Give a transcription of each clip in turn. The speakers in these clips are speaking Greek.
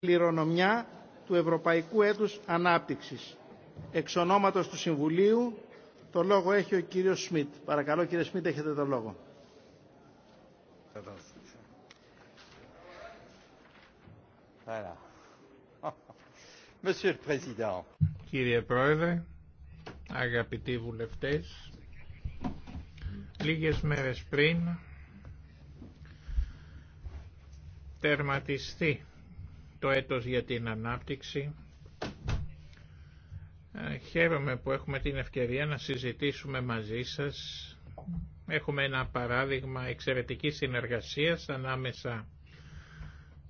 κληρονομιά του Ευρωπαϊκού Έτους Ανάπτυξης. Εξ ονόματος του Συμβουλίου, το λόγο έχει ο κύριος Σμιτ. Παρακαλώ κύριε Σμιτ, έχετε το λόγο. Κύριε Πρόεδρε, αγαπητοί βουλευτές, λίγες μέρες πριν τερματιστεί το έτος για την ανάπτυξη. Ε, χαίρομαι που έχουμε την ευκαιρία να συζητήσουμε μαζί σας. Έχουμε ένα παράδειγμα εξαιρετικής συνεργασίας ανάμεσα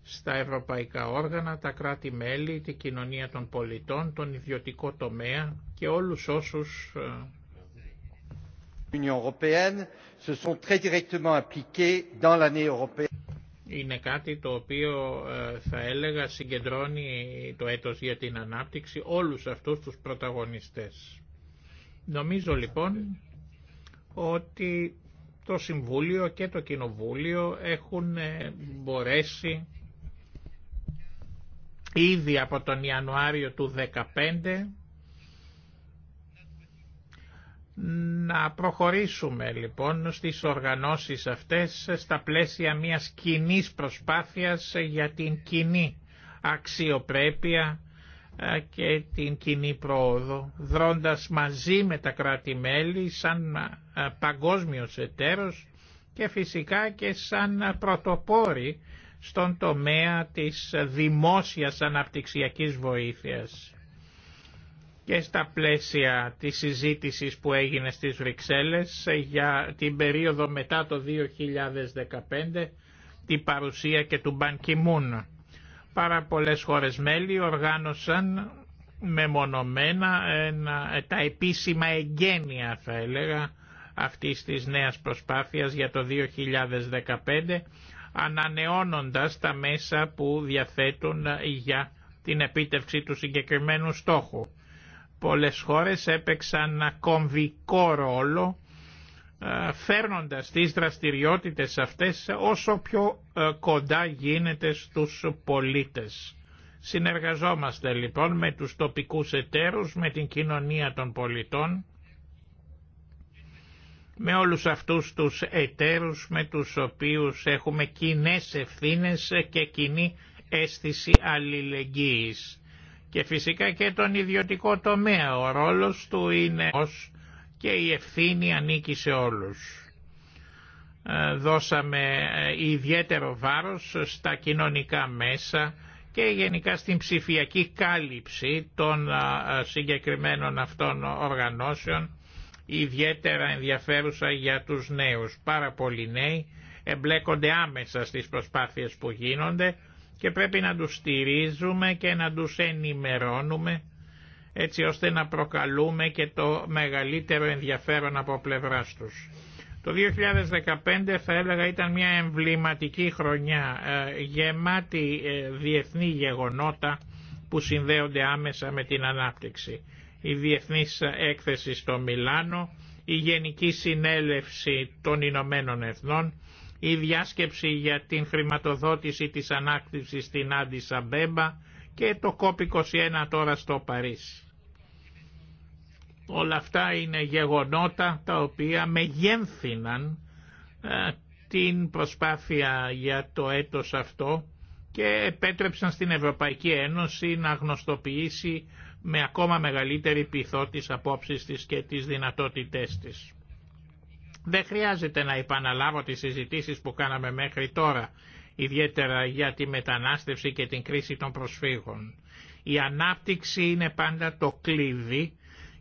στα ευρωπαϊκά όργανα, τα κράτη-μέλη, την κοινωνία των πολιτών, τον ιδιωτικό τομέα και όλους όσους ε, L'Union européenne se sont très είναι κάτι το οποίο ε, θα έλεγα συγκεντρώνει το έτος για την ανάπτυξη όλους αυτούς τους πρωταγωνιστές. Νομίζω λοιπόν ότι το Συμβούλιο και το Κοινοβούλιο έχουν ε, μπορέσει ήδη από τον Ιανουάριο του 2015 να προχωρήσουμε λοιπόν στις οργανώσεις αυτές στα πλαίσια μιας κοινή προσπάθειας για την κοινή αξιοπρέπεια ε, και την κοινή πρόοδο, δρώντας μαζί με τα κράτη-μέλη σαν ε, παγκόσμιος εταίρος και φυσικά και σαν πρωτοπόροι στον τομέα της δημόσιας αναπτυξιακής βοήθειας και στα πλαίσια της συζήτησης που έγινε στις Βρυξέλλες για την περίοδο μετά το 2015 την παρουσία και του Μπαν Πάρα πολλές χώρες μέλη οργάνωσαν μεμονωμένα ένα, τα επίσημα εγγένεια θα έλεγα αυτής της νέας προσπάθειας για το 2015 ανανεώνοντας τα μέσα που διαθέτουν για την επίτευξη του συγκεκριμένου στόχου πολλές χώρες έπαιξαν κομβικό ρόλο ε, φέρνοντας τις δραστηριότητες αυτές όσο πιο ε, κοντά γίνεται στους πολίτες. Συνεργαζόμαστε λοιπόν με τους τοπικούς εταίρους, με την κοινωνία των πολιτών, με όλους αυτούς τους εταίρους με τους οποίους έχουμε κοινές ευθύνες και κοινή αίσθηση αλληλεγγύης και φυσικά και τον ιδιωτικό τομέα. Ο ρόλος του είναι ως και η ευθύνη ανήκει σε όλους. Ε, δώσαμε ε, ιδιαίτερο βάρος στα κοινωνικά μέσα και γενικά στην ψηφιακή κάλυψη των ε, συγκεκριμένων αυτών οργανώσεων ιδιαίτερα ενδιαφέρουσα για τους νέους. Πάρα πολλοί νέοι εμπλέκονται άμεσα στις προσπάθειες που γίνονται και πρέπει να τους στηρίζουμε και να τους ενημερώνουμε έτσι ώστε να προκαλούμε και το μεγαλύτερο ενδιαφέρον από πλευράς τους. Το 2015 θα έλεγα ήταν μια εμβληματική χρονιά ε, γεμάτη ε, διεθνή γεγονότα που συνδέονται άμεσα με την ανάπτυξη. Η Διεθνής Έκθεση στο Μιλάνο, η Γενική Συνέλευση των Ηνωμένων Εθνών, η διάσκεψη για την χρηματοδότηση της ανάκτησης στην Άντισα Μπέμπα και το COP21 τώρα στο Παρίσι. Όλα αυτά είναι γεγονότα τα οποία μεγένθηναν ε, την προσπάθεια για το έτος αυτό και επέτρεψαν στην Ευρωπαϊκή Ένωση να γνωστοποιήσει με ακόμα μεγαλύτερη πειθό τις απόψεις της και τις δυνατότητές της. Δεν χρειάζεται να επαναλάβω τις συζητήσεις που κάναμε μέχρι τώρα, ιδιαίτερα για τη μετανάστευση και την κρίση των προσφύγων. Η ανάπτυξη είναι πάντα το κλειδί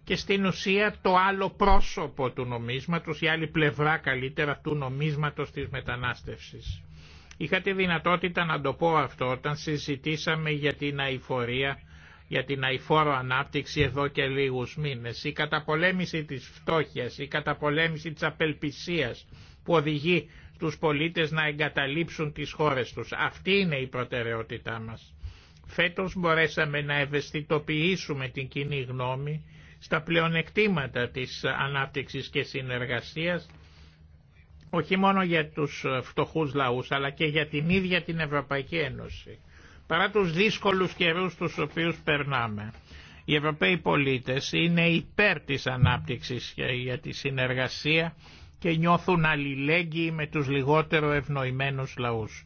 και στην ουσία το άλλο πρόσωπο του νομίσματος, η άλλη πλευρά καλύτερα του νομίσματος της μετανάστευσης. Είχα τη δυνατότητα να το πω αυτό όταν συζητήσαμε για την αηφορία για την αηφόρο ανάπτυξη εδώ και λίγους μήνες, η καταπολέμηση της φτώχειας, η καταπολέμηση της απελπισίας που οδηγεί τους πολίτες να εγκαταλείψουν τις χώρες τους. Αυτή είναι η προτεραιότητά μας. Φέτος μπορέσαμε να ευαισθητοποιήσουμε την κοινή γνώμη στα πλεονεκτήματα της ανάπτυξης και συνεργασίας όχι μόνο για τους φτωχούς λαούς αλλά και για την ίδια την Ευρωπαϊκή Ένωση παρά τους δύσκολους καιρούς τους οποίους περνάμε. Οι Ευρωπαίοι πολίτες είναι υπέρ της ανάπτυξης για τη συνεργασία και νιώθουν αλληλέγγυοι με τους λιγότερο ευνοημένους λαούς.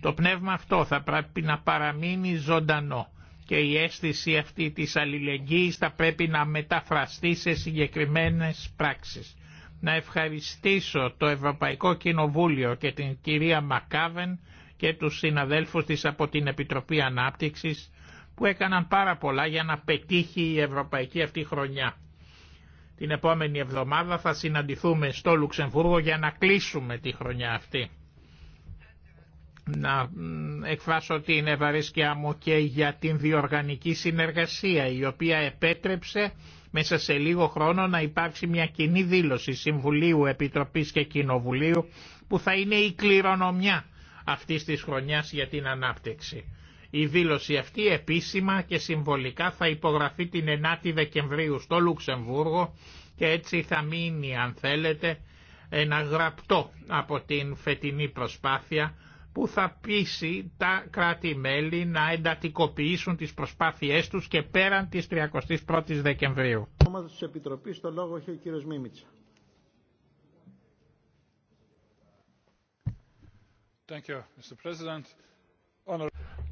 Το πνεύμα αυτό θα πρέπει να παραμείνει ζωντανό και η αίσθηση αυτή της αλληλεγγύης θα πρέπει να μεταφραστεί σε συγκεκριμένες πράξεις. Να ευχαριστήσω το Ευρωπαϊκό Κοινοβούλιο και την κυρία Μακάβεν και τους συναδέλφους της από την Επιτροπή Ανάπτυξης που έκαναν πάρα πολλά για να πετύχει η ευρωπαϊκή αυτή χρονιά. Την επόμενη εβδομάδα θα συναντηθούμε στο Λουξεμβούργο για να κλείσουμε τη χρονιά αυτή. Να εκφράσω την ευαρέσκειά μου και για την διοργανική συνεργασία η οποία επέτρεψε μέσα σε λίγο χρόνο να υπάρξει μια κοινή δήλωση Συμβουλίου, Επιτροπής και Κοινοβουλίου που θα είναι η κληρονομιά αυτής της χρονιάς για την ανάπτυξη. Η δήλωση αυτή επίσημα και συμβολικά θα υπογραφεί την 9η Δεκεμβρίου στο Λουξεμβούργο και έτσι θα μείνει αν θέλετε ένα γραπτό από την φετινή προσπάθεια που θα πείσει τα κράτη-μέλη να εντατικοποιήσουν τις προσπάθειές τους και πέραν της 31ης Δεκεμβρίου. της Επιτροπής, το λόγο έχει ο κύριος Μίμητσα.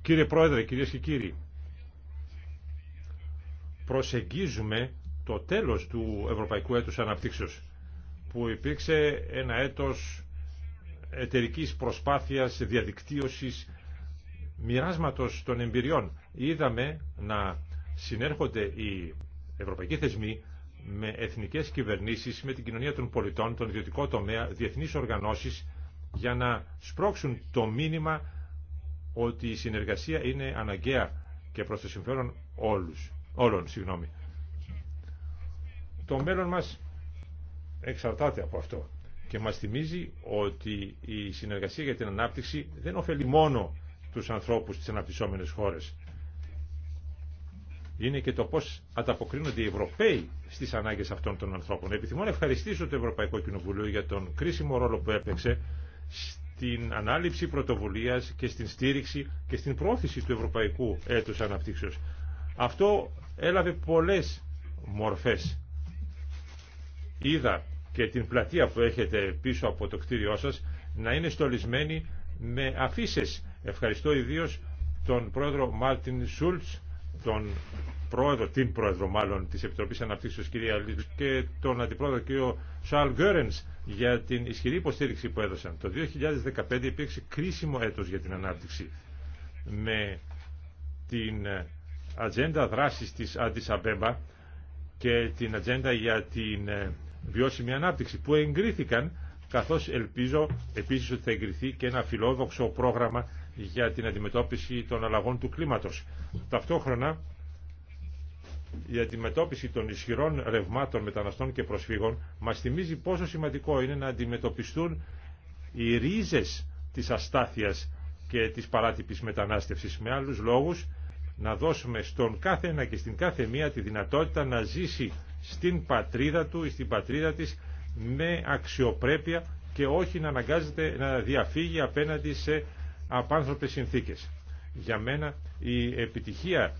Κύριε Πρόεδρε, κυρίε και κύριοι, προσεγγίζουμε το τέλος του Ευρωπαϊκού Έτους Αναπτύξεως, που υπήρξε ένα έτος εταιρικής προσπάθειας διαδικτύωσης μοιράσματος των εμπειριών. Είδαμε να συνέρχονται οι ευρωπαϊκοί θεσμοί με εθνικές κυβερνήσεις, με την κοινωνία των πολιτών, τον ιδιωτικό τομέα, διεθνείς οργανώσεις, για να σπρώξουν το μήνυμα ότι η συνεργασία είναι αναγκαία και προς το συμφέρον όλους, όλων. Συγγνώμη. Το μέλλον μας εξαρτάται από αυτό και μας θυμίζει ότι η συνεργασία για την ανάπτυξη δεν ωφελεί μόνο τους ανθρώπους της αναπτυσσόμενης χώρες. Είναι και το πώς ανταποκρίνονται οι Ευρωπαίοι στις ανάγκες αυτών των ανθρώπων. Επιθυμώ να ευχαριστήσω το Ευρωπαϊκό Κοινοβουλίο για τον κρίσιμο ρόλο που έπαιξε στην ανάληψη πρωτοβουλίας και στην στήριξη και στην πρόθεση του Ευρωπαϊκού Έτους Αναπτύξεως. Αυτό έλαβε πολλές μορφές. Είδα και την πλατεία που έχετε πίσω από το κτίριό σας να είναι στολισμένη με αφήσει. Ευχαριστώ ιδίως τον πρόεδρο Μάρτιν Σούλτς τον πρόεδρο, την πρόεδρο μάλλον της Επιτροπής Αναπτύξεως κυρία και τον αντιπρόεδρο κύριο Σαλ Γκέρενς για την ισχυρή υποστήριξη που έδωσαν. Το 2015 υπήρξε κρίσιμο έτος για την ανάπτυξη με την ατζέντα δράσης της Άντις και την ατζέντα για την ε, βιώσιμη ανάπτυξη που εγκρίθηκαν καθώς ελπίζω επίσης ότι θα εγκριθεί και ένα φιλόδοξο πρόγραμμα για την αντιμετώπιση των αλλαγών του κλίματος. Ταυτόχρονα η αντιμετώπιση των ισχυρών ρευμάτων μεταναστών και προσφύγων μας θυμίζει πόσο σημαντικό είναι να αντιμετωπιστούν οι ρίζες της αστάθειας και της παράτυπης μετανάστευσης. Με άλλους λόγους να δώσουμε στον κάθε ένα και στην κάθε μία τη δυνατότητα να ζήσει στην πατρίδα του ή στην πατρίδα της με αξιοπρέπεια και όχι να αναγκάζεται να διαφύγει απέναντι σε απάνθρωπες συνθήκες. Για μένα η επιτυχία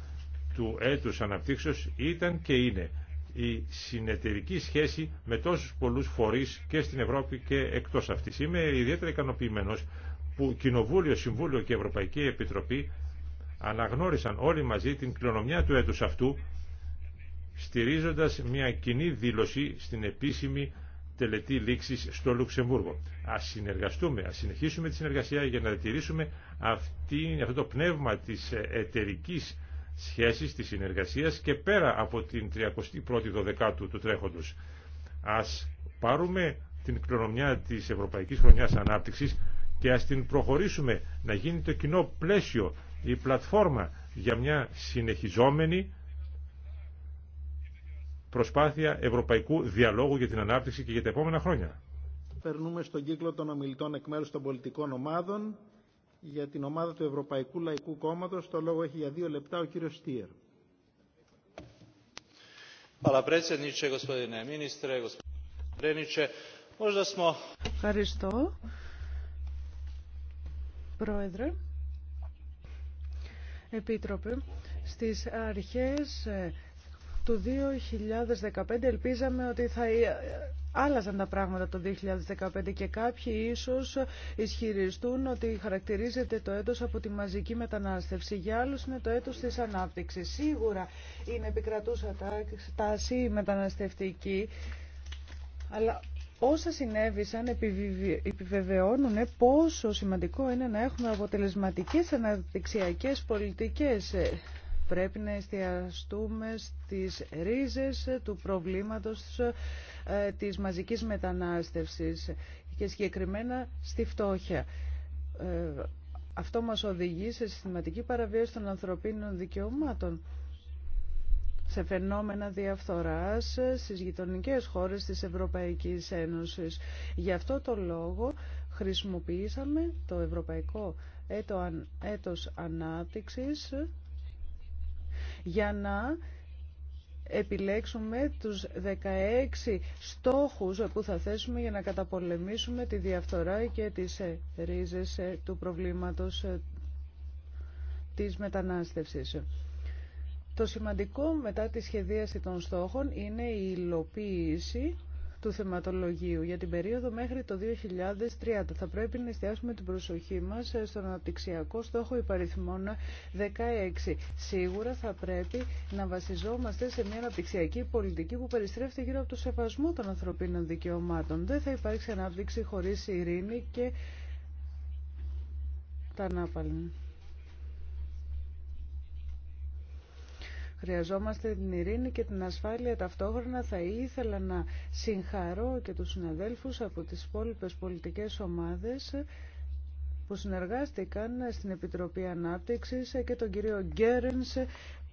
του έτους αναπτύξεως ήταν και είναι η συνεταιρική σχέση με τόσους πολλούς φορείς και στην Ευρώπη και εκτός αυτής. Είμαι ιδιαίτερα ικανοποιημένος που Κοινοβούλιο, Συμβούλιο και Ευρωπαϊκή Επιτροπή αναγνώρισαν όλοι μαζί την κληρονομιά του έτους αυτού στηρίζοντας μια κοινή δήλωση στην επίσημη τελετή λήξη στο Λουξεμβούργο. Α συνεργαστούμε, α συνεχίσουμε τη συνεργασία για να διατηρήσουμε αυτό το πνεύμα της εταιρική σχέση της συνεργασία και πέρα από την 31η Δωδεκάτου του τρέχοντο. Ας πάρουμε την κληρονομιά της Ευρωπαϊκή Χρονιά ανάπτυξη και α την προχωρήσουμε να γίνει το κοινό πλαίσιο, η πλατφόρμα για μια συνεχιζόμενη προσπάθεια ευρωπαϊκού διαλόγου για την ανάπτυξη και για τα επόμενα χρόνια. Περνούμε στον κύκλο των ομιλητών εκ μέρου των πολιτικών ομάδων. Για την ομάδα του Ευρωπαϊκού Λαϊκού Κόμματος το λόγο έχει για δύο λεπτά ο κύριος Στίερ. Ευχαριστώ, Πρόεδρε. Επίτροπε, στις αρχές ε, το 2015 ελπίζαμε ότι θα ε, άλλαζαν τα πράγματα το 2015 και κάποιοι ίσως ισχυριστούν ότι χαρακτηρίζεται το έτος από τη μαζική μετανάστευση. Για άλλους είναι το έτος της ανάπτυξης. Σίγουρα είναι επικρατούσα τάση μεταναστευτική, αλλά όσα συνέβησαν επιβεβαιώνουν πόσο σημαντικό είναι να έχουμε αποτελεσματικές αναπτυξιακές πολιτικές Πρέπει να εστιαστούμε στις ρίζες του προβλήματος ε, της μαζικής μετανάστευσης και συγκεκριμένα στη φτώχεια. Ε, αυτό μας οδηγεί σε συστηματική παραβίαση των ανθρωπίνων δικαιωμάτων σε φαινόμενα διαφθοράς στις γειτονικές χώρες της Ευρωπαϊκής Ένωσης. Γι' αυτό το λόγο χρησιμοποιήσαμε το Ευρωπαϊκό έτος Ανάπτυξης για να επιλέξουμε τους 16 στόχους που θα θέσουμε για να καταπολεμήσουμε τη διαφθορά και τις ε, ρίζες ε, του προβλήματος ε, της μετανάστευσης. Το σημαντικό μετά τη σχεδίαση των στόχων είναι η υλοποίηση του θεματολογίου. Για την περίοδο μέχρι το 2030 θα πρέπει να εστιάσουμε την προσοχή μας στον αναπτυξιακό στόχο υπαριθμών 16. Σίγουρα θα πρέπει να βασιζόμαστε σε μια αναπτυξιακή πολιτική που περιστρέφεται γύρω από το σεβασμό των ανθρωπίνων δικαιωμάτων. Δεν θα υπάρξει ανάπτυξη χωρίς ειρήνη και τα Χρειαζόμαστε την ειρήνη και την ασφάλεια ταυτόχρονα. Θα ήθελα να συγχαρώ και τους συναδέλφους από τις υπόλοιπε πολιτικές ομάδες που συνεργάστηκαν στην Επιτροπή Ανάπτυξης και τον κύριο Γκέρενς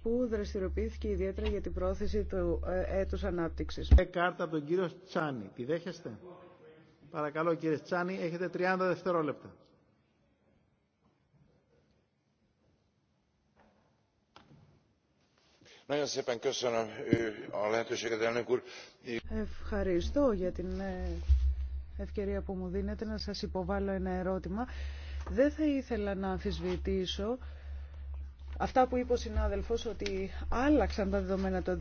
που δραστηριοποιήθηκε ιδιαίτερα για την πρόθεση του ε, έτους ανάπτυξης. Ε, κάρτα τον κύριο Τσάνη. Τη Παρακαλώ κύριε Τσάνη, έχετε 30 δευτερόλεπτα. Ευχαριστώ για την ε, ευκαιρία που μου δίνετε να σας υποβάλω ένα ερώτημα. Δεν θα ήθελα να αμφισβητήσω αυτά που είπε ο συνάδελφος ότι άλλαξαν τα δεδομένα το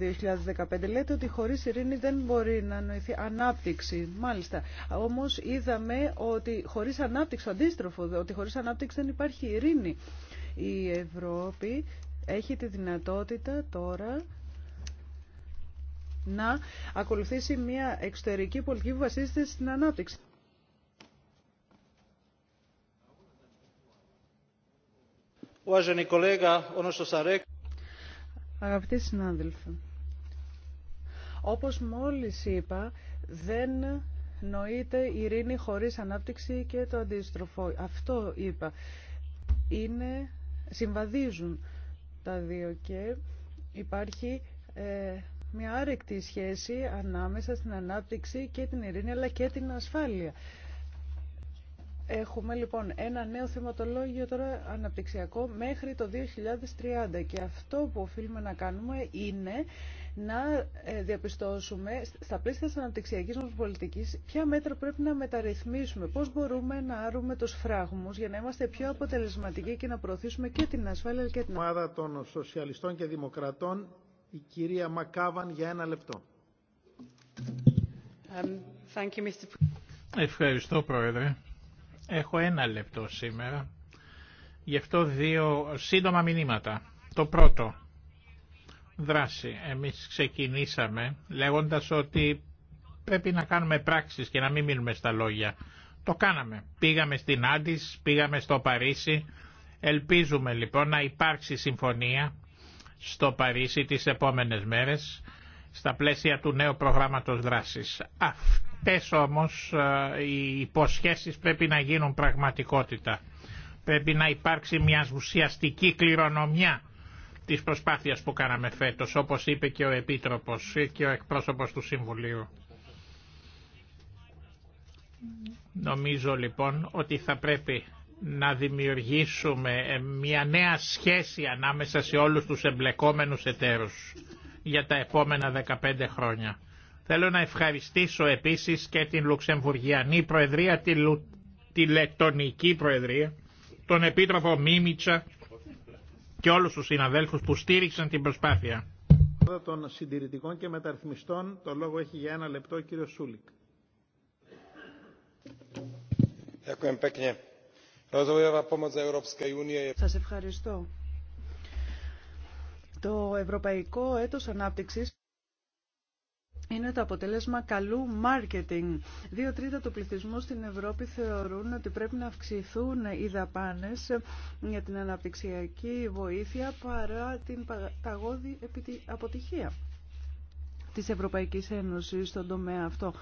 2015. Λέτε ότι χωρίς ειρήνη δεν μπορεί να νοηθεί ανάπτυξη. Μάλιστα. Όμως είδαμε ότι χωρίς ανάπτυξη, αντίστροφο, ότι χωρίς ανάπτυξη δεν υπάρχει ειρήνη. Η Ευρώπη έχει τη δυνατότητα τώρα να ακολουθήσει μια εξωτερική πολιτική που βασίζεται στην ανάπτυξη. Αγαπητοί συνάδελφοι, όπως μόλις είπα, δεν νοείται ειρήνη χωρίς ανάπτυξη και το αντίστροφο. Αυτό είπα. Είναι, συμβαδίζουν τα δύο και υπάρχει ε, μια άρεκτη σχέση ανάμεσα στην ανάπτυξη και την ειρήνη αλλά και την ασφάλεια. Έχουμε λοιπόν ένα νέο θεματολόγιο τώρα αναπτυξιακό μέχρι το 2030 και αυτό που οφείλουμε να κάνουμε είναι να ε, διαπιστώσουμε στα πλαίσια της αναπτυξιακής μα πολιτικής ποια μέτρα πρέπει να μεταρρυθμίσουμε, πώς μπορούμε να άρουμε τους φράγμους για να είμαστε πιο αποτελεσματικοί και να προωθήσουμε και την ασφάλεια και την... Ομάδα των Σοσιαλιστών και Δημοκρατών, η κυρία Μακάβαν για ένα λεπτό. Um, Ευχαριστώ Πρόεδρε. Έχω ένα λεπτό σήμερα. Γι' αυτό δύο σύντομα μηνύματα. Το πρώτο, δράση. Εμείς ξεκινήσαμε λέγοντας ότι πρέπει να κάνουμε πράξεις και να μην μείνουμε στα λόγια. Το κάναμε. Πήγαμε στην Άντις, πήγαμε στο Παρίσι. Ελπίζουμε λοιπόν να υπάρξει συμφωνία στο Παρίσι τις επόμενες μέρες στα πλαίσια του νέου προγράμματος δράσης. Αυτές όμως ε, οι υποσχέσεις πρέπει να γίνουν πραγματικότητα. Πρέπει να υπάρξει μια ουσιαστική κληρονομιά της προσπάθειας που κάναμε φέτος, όπως είπε και ο Επίτροπος και ο εκπρόσωπος του Συμβουλίου. Νομίζω λοιπόν ότι θα πρέπει να δημιουργήσουμε μια νέα σχέση ανάμεσα σε όλους τους εμπλεκόμενους εταίρους για τα επόμενα 15 χρόνια. Θέλω να ευχαριστήσω επίσης και την Λουξεμβουργιανή Προεδρία, τη, Λου... Προεδρία, τον Επίτροπο Μίμητσα, και όλους τους συναδέλφους που στήριξαν την προσπάθεια. Των συντηρητικών και μεταρρυθμιστών το λόγο έχει για ένα λεπτό ο κύριος Σούλικ. Σας ευχαριστώ. Το Ευρωπαϊκό Έτος Ανάπτυξης είναι το αποτέλεσμα καλού μάρκετινγκ. Δύο τρίτα του πληθυσμού στην Ευρώπη θεωρούν ότι πρέπει να αυξηθούν οι δαπάνε για την αναπτυξιακή βοήθεια παρά την παγώδη αποτυχία της Ευρωπαϊκής Ένωσης στον τομέα αυτό.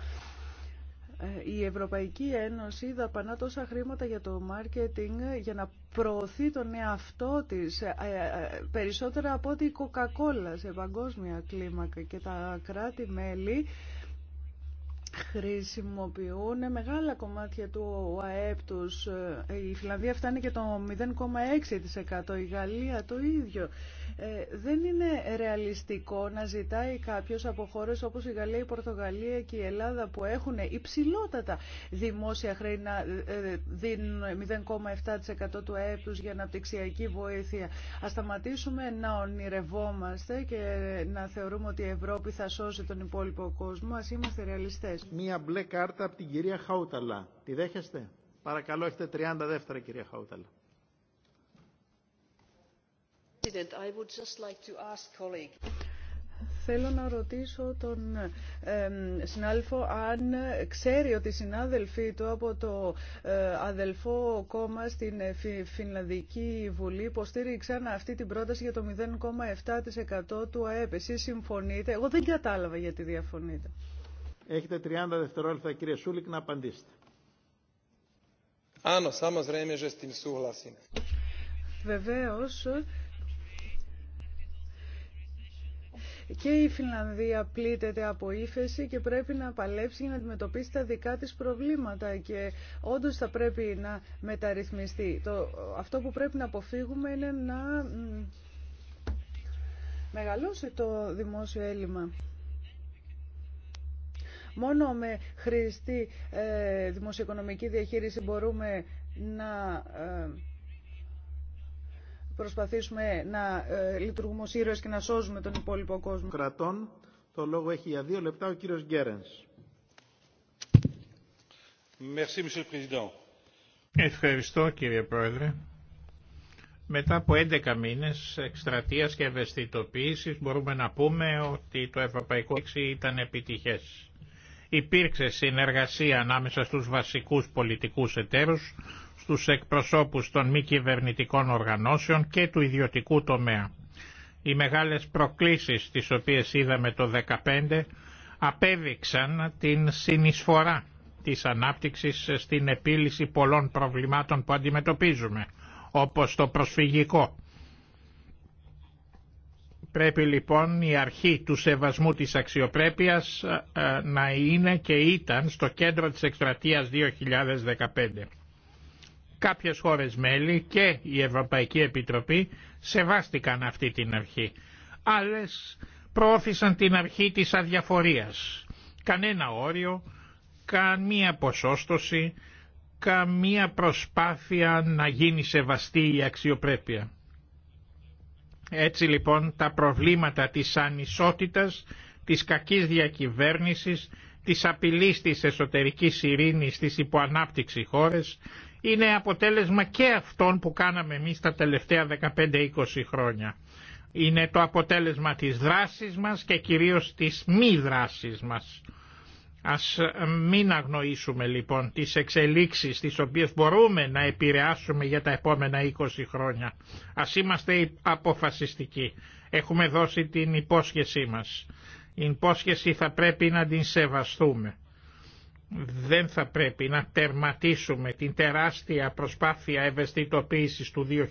Ε, η Ευρωπαϊκή Ένωση δαπανά τόσα χρήματα για το μάρκετινγκ για να προωθεί τον εαυτό της ε, ε, περισσότερα από ότι η Coca-Cola σε παγκόσμια κλίμακα και τα κράτη-μέλη χρησιμοποιούν μεγάλα κομμάτια του ΑΕΠ τους. Η Φιλανδία φτάνει και το 0,6%, η Γαλλία το ίδιο. Ε, δεν είναι ρεαλιστικό να ζητάει κάποιος από χώρες όπως η Γαλλία, η Πορτογαλία και η Ελλάδα που έχουν υψηλότατα δημόσια χρέη να ε, δίνουν 0,7% του ΑΕΠ για αναπτυξιακή βοήθεια. Ας σταματήσουμε να ονειρευόμαστε και να θεωρούμε ότι η Ευρώπη θα σώσει τον υπόλοιπο κόσμο. Ας είμαστε ρεαλιστές. Μία μπλε κάρτα από την κυρία Χαούταλα. Τη δέχεστε. Παρακαλώ, έχετε 30 δεύτερα κυρία Χαούταλα. Θέλω να ρωτήσω τον συνάδελφο αν ξέρει ότι οι συνάδελφοί του από το ε, αδελφό κόμμα στην ε, Φινλανδική Βουλή υποστήριξαν αυτή την πρόταση για το 0,7% του ΑΕΠ. Εσείς συμφωνείτε. Εγώ δεν κατάλαβα γιατί διαφωνείτε. Έχετε 30 δευτερόλεπτα κύριε Σούλικ να απαντήσετε. Άνω, σάμας στην Βεβαίως, Και η Φινλανδία πλήττεται από ύφεση και πρέπει να παλέψει για να αντιμετωπίσει τα δικά της προβλήματα και όντως θα πρέπει να μεταρρυθμιστεί. Το, αυτό που πρέπει να αποφύγουμε είναι να μεγαλώσει το δημόσιο έλλειμμα. Μόνο με χρηστή ε, δημοσιοοικονομική διαχείριση μπορούμε να ε, προσπαθήσουμε να ε, λειτουργούμε ως ήρωες και να σώζουμε τον υπόλοιπο κόσμο. Κρατών, το λόγο έχει για δύο λεπτά ο κύριος Γκέρενς. Ευχαριστώ κύριε Πρόεδρε. Μετά από 11 μήνες εκστρατείας και ευαισθητοποίησης μπορούμε να πούμε ότι το Ευρωπαϊκό Έξι ήταν επιτυχές. Υπήρξε συνεργασία ανάμεσα στους βασικούς πολιτικούς εταίρους στους εκπροσώπους των μη κυβερνητικών οργανώσεων και του ιδιωτικού τομέα. Οι μεγάλες προκλήσεις τις οποίες είδαμε το 2015 απέδειξαν την συνεισφορά της ανάπτυξης στην επίλυση πολλών προβλημάτων που αντιμετωπίζουμε, όπως το προσφυγικό. Πρέπει λοιπόν η αρχή του σεβασμού της αξιοπρέπειας ε, να είναι και ήταν στο κέντρο της εκστρατείας 2015. Κάποιες χώρες μέλη και η Ευρωπαϊκή Επιτροπή σεβάστηκαν αυτή την αρχή. Άλλες προώθησαν την αρχή της αδιαφορίας. Κανένα όριο, καμία ποσόστοση, καμία προσπάθεια να γίνει σεβαστή η αξιοπρέπεια. Έτσι λοιπόν τα προβλήματα της ανισότητας, της κακής διακυβέρνησης, της απειλής της εσωτερικής ειρήνης στις υποανάπτυξη χώρες είναι αποτέλεσμα και αυτών που κάναμε εμείς τα τελευταία 15-20 χρόνια. Είναι το αποτέλεσμα της δράσης μας και κυρίως της μη δράσης μας. Ας ε, μην αγνοήσουμε λοιπόν τις εξελίξεις τις οποίες μπορούμε να επηρεάσουμε για τα επόμενα 20 χρόνια. Ας είμαστε αποφασιστικοί. Έχουμε δώσει την υπόσχεσή μας. Η υπόσχεση θα πρέπει να την σεβαστούμε δεν θα πρέπει να τερματίσουμε την τεράστια προσπάθεια ευαισθητοποίησης του 2015.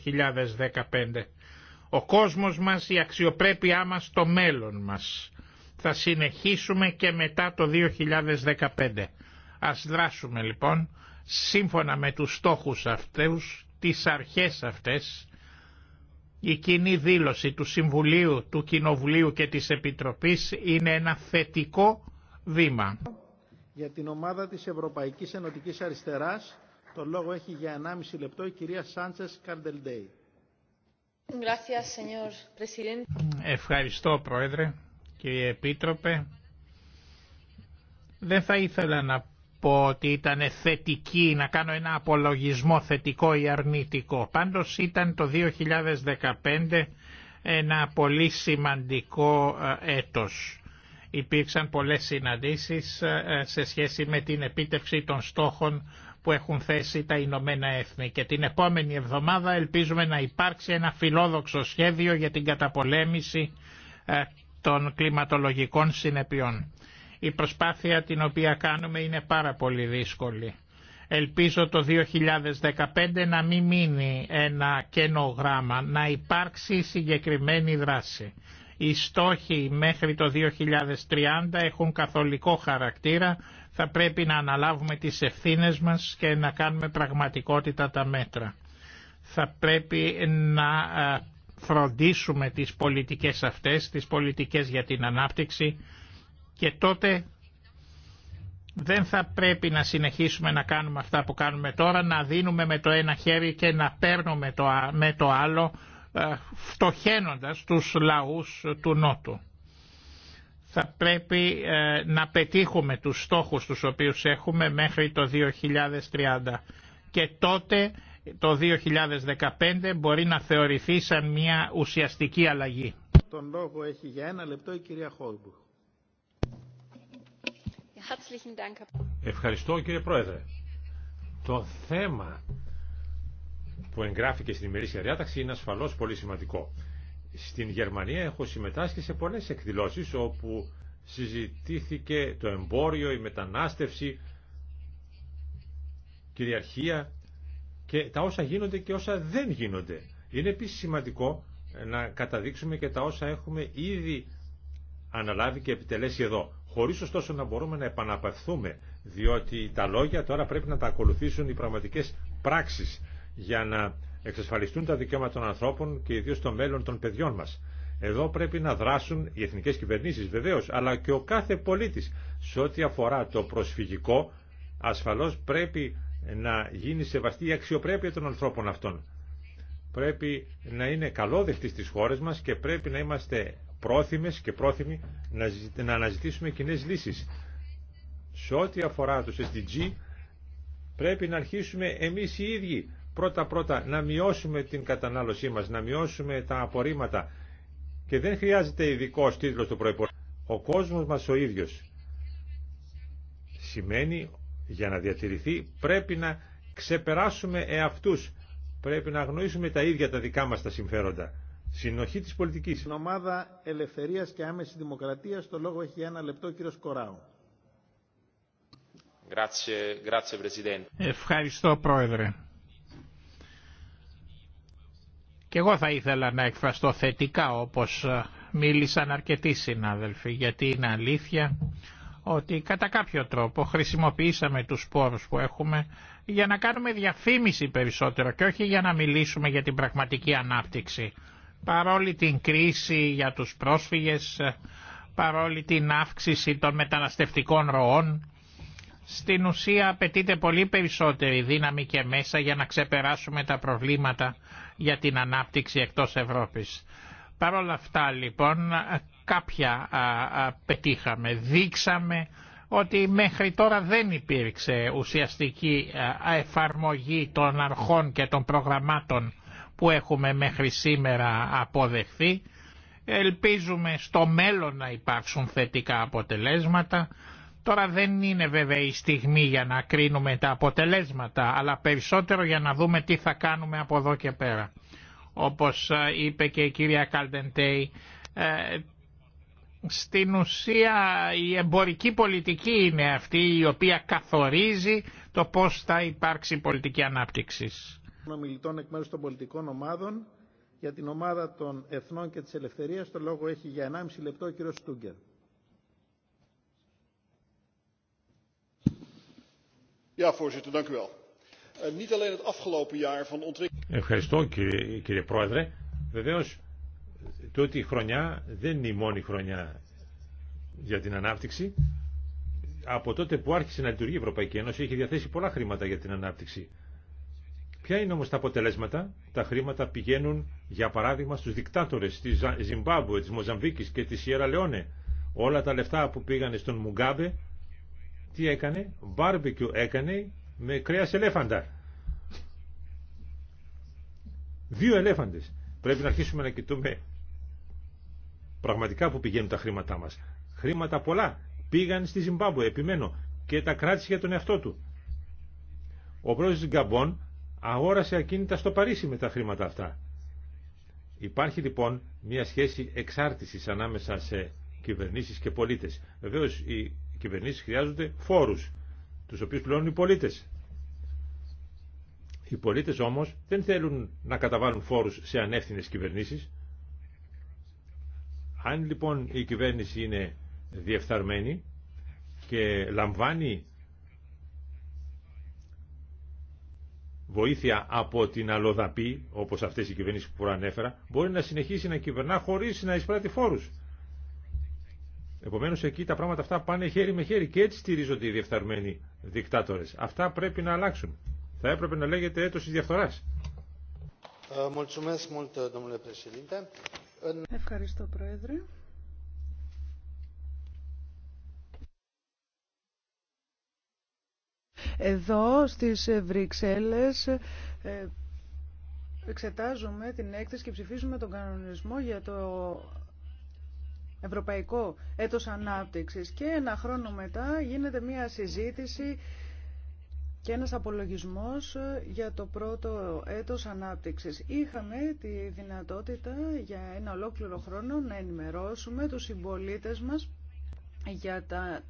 Ο κόσμος μας, η αξιοπρέπειά μας, το μέλλον μας. Θα συνεχίσουμε και μετά το 2015. Ας δράσουμε λοιπόν σύμφωνα με τους στόχους αυτούς, τις αρχές αυτές, η κοινή δήλωση του Συμβουλίου, του Κοινοβουλίου και της Επιτροπής είναι ένα θετικό βήμα. Για την ομάδα της Ευρωπαϊκής Ενωτικής Αριστεράς, το λόγο έχει για 1,5 λεπτό η κυρία Σάντσες Καρντελντέι. Ευχαριστώ Πρόεδρε, κύριε Επίτροπε. Δεν θα ήθελα να πω ότι ήταν θετική, να κάνω ένα απολογισμό θετικό ή αρνητικό. Πάντως ήταν το 2015 ένα πολύ σημαντικό ε, έτος Υπήρξαν πολλές συναντήσεις ε, ε, σε σχέση με την επίτευξη των στόχων που έχουν θέσει τα Ηνωμένα Έθνη και την επόμενη εβδομάδα ελπίζουμε να υπάρξει ένα φιλόδοξο σχέδιο για την καταπολέμηση ε, των κλιματολογικών συνεπειών. Η προσπάθεια την οποία κάνουμε είναι πάρα πολύ δύσκολη. Ελπίζω το 2015 να μην μείνει ένα κενό να υπάρξει συγκεκριμένη δράση. Οι στόχοι μέχρι το 2030 έχουν καθολικό χαρακτήρα, θα πρέπει να αναλάβουμε τις ευθύνες μας και να κάνουμε πραγματικότητα τα μέτρα. Θα πρέπει να ε, φροντίσουμε τις πολιτικές αυτές, τις πολιτικές για την ανάπτυξη και τότε δεν θα πρέπει να συνεχίσουμε να κάνουμε αυτά που κάνουμε τώρα, να δίνουμε με το ένα χέρι και να παίρνουμε με το άλλο ε, φτωχαίνοντας τους λαούς του Νότου. Θα πρέπει ε, να πετύχουμε τους στόχους τους οποίους έχουμε μέχρι το 2030 και τότε το 2015 μπορεί να θεωρηθεί σαν μια ουσιαστική αλλαγή. Τον λόγο έχει για ένα λεπτό η κυρία Ευχαριστώ κύριε Πρόεδρε. Το θέμα που εγγράφηκε στην ημερήσια διάταξη είναι ασφαλώς πολύ σημαντικό. Στην Γερμανία έχω συμμετάσχει σε πολλές εκδηλώσεις όπου συζητήθηκε το εμπόριο, η μετανάστευση, κυριαρχία και τα όσα γίνονται και όσα δεν γίνονται. Είναι επίσης σημαντικό να καταδείξουμε και τα όσα έχουμε ήδη αναλάβει και επιτελέσει εδώ, χωρίς ωστόσο να μπορούμε να επαναπαυθούμε, διότι τα λόγια τώρα πρέπει να τα ακολουθήσουν οι πραγματικές πράξεις για να εξασφαλιστούν τα δικαιώματα των ανθρώπων και ιδίως το μέλλον των παιδιών μας. Εδώ πρέπει να δράσουν οι εθνικές κυβερνήσεις βεβαίως, αλλά και ο κάθε πολίτης. Σε ό,τι αφορά το προσφυγικό, ασφαλώς πρέπει να γίνει σεβαστή η αξιοπρέπεια των ανθρώπων αυτών. Πρέπει να είναι καλόδεκτοι στις χώρες μας και πρέπει να είμαστε πρόθυμες και πρόθυμοι να αναζητήσουμε κοινέ λύσεις. Σε ό,τι αφορά το SDG, πρέπει να αρχίσουμε εμεί οι ίδιοι πρώτα-πρώτα να μειώσουμε την κατανάλωσή μας, να μειώσουμε τα απορρίμματα και δεν χρειάζεται ειδικό τίτλος του Πρωθυπουργού. Ο κόσμος μας ο ίδιος σημαίνει για να διατηρηθεί πρέπει να ξεπεράσουμε εαυτούς, πρέπει να αγνοήσουμε τα ίδια τα δικά μας τα συμφέροντα. Συνοχή της πολιτικής. Στην ομάδα Ελευθερίας και Άμεσης Δημοκρατίας το λόγο έχει ένα λεπτό ο κύριος Ευχαριστώ Πρόεδρε. Και εγώ θα ήθελα να εκφραστώ θετικά όπως ε, μίλησαν αρκετοί συνάδελφοι γιατί είναι αλήθεια ότι κατά κάποιο τρόπο χρησιμοποιήσαμε τους πόρους που έχουμε για να κάνουμε διαφήμιση περισσότερο και όχι για να μιλήσουμε για την πραγματική ανάπτυξη. Παρόλη την κρίση για τους πρόσφυγες, ε, παρόλη την αύξηση των μεταναστευτικών ροών, στην ουσία απαιτείται πολύ περισσότερη δύναμη και μέσα για να ξεπεράσουμε τα προβλήματα για την ανάπτυξη εκτός Ευρώπης. Παρ' όλα αυτά λοιπόν κάποια πετύχαμε, δείξαμε ότι μέχρι τώρα δεν υπήρξε ουσιαστική εφαρμογή των αρχών και των προγραμμάτων που έχουμε μέχρι σήμερα αποδεχθεί. Ελπίζουμε στο μέλλον να υπάρξουν θετικά αποτελέσματα Τώρα δεν είναι βέβαια η στιγμή για να κρίνουμε τα αποτελέσματα, αλλά περισσότερο για να δούμε τι θα κάνουμε από εδώ και πέρα. Όπως ε, είπε και η κυρία Καλτεντέη, ε, στην ουσία η εμπορική πολιτική είναι αυτή η οποία καθορίζει το πώς θα υπάρξει πολιτική ανάπτυξη. Ομιλητών εκ μέρους των πολιτικών ομάδων για την ομάδα των Εθνών και της Ελευθερίας το λόγο έχει για 1,5 λεπτό ο κύριος Στούγκερ. Ευχαριστώ κύριε, Πρόεδρε. Πρόεδρε. Βεβαίως, τότε η χρονιά δεν είναι η μόνη χρονιά για την ανάπτυξη. Από τότε που άρχισε να λειτουργεί η Ευρωπαϊκή Ένωση έχει διαθέσει πολλά χρήματα για την ανάπτυξη. Ποια είναι όμως τα αποτελέσματα. Τα χρήματα πηγαίνουν για παράδειγμα στους δικτάτορες της Ζιμπάμπουε, της Μοζαμβίκης και της Σιέρα Λεόνε. Όλα τα λεφτά που πήγαν στον Μουγκάμπε τι έκανε, μπάρμπεκιου έκανε με κρέας ελέφαντα. Δύο ελέφαντες. Πρέπει να αρχίσουμε να κοιτούμε πραγματικά που πηγαίνουν τα χρήματά μας. Χρήματα πολλά πήγαν στη Ζιμπάμπου, επιμένω, και τα κράτησε για τον εαυτό του. Ο πρόεδρος Γκαμπών αγόρασε ακίνητα στο Παρίσι με τα χρήματα αυτά. Υπάρχει λοιπόν μια σχέση εξάρτησης ανάμεσα σε κυβερνήσεις και πολίτες. Βεβαίως η κυβερνήσεις χρειάζονται φόρους, του οποίου πληρώνουν οι πολίτες. Οι πολίτες όμως δεν θέλουν να καταβάλουν φόρους σε ανεύθυνες κυβερνήσεις. Αν λοιπόν η κυβέρνηση είναι διεφθαρμένη και λαμβάνει βοήθεια από την αλλοδαπή, όπως αυτές οι κυβερνήσεις που προανέφερα, μπορεί να συνεχίσει να κυβερνά χωρίς να εισπράττει φόρους. Επομένως εκεί τα πράγματα αυτά πάνε χέρι με χέρι και έτσι στηρίζονται οι διεφθαρμένοι δικτάτορες. Αυτά πρέπει να αλλάξουν. Θα έπρεπε να λέγεται έτος της διαφθοράς. Ε, Ευχαριστώ Πρόεδρε. Εδώ στις Βρυξέλλες ε, εξετάζουμε την έκθεση και ψηφίζουμε τον κανονισμό για το Ευρωπαϊκό Έτος Ανάπτυξης και ένα χρόνο μετά γίνεται μια συζήτηση και ένας απολογισμός για το πρώτο έτος ανάπτυξης. Είχαμε τη δυνατότητα για ένα ολόκληρο χρόνο να ενημερώσουμε τους συμπολίτε μας για τα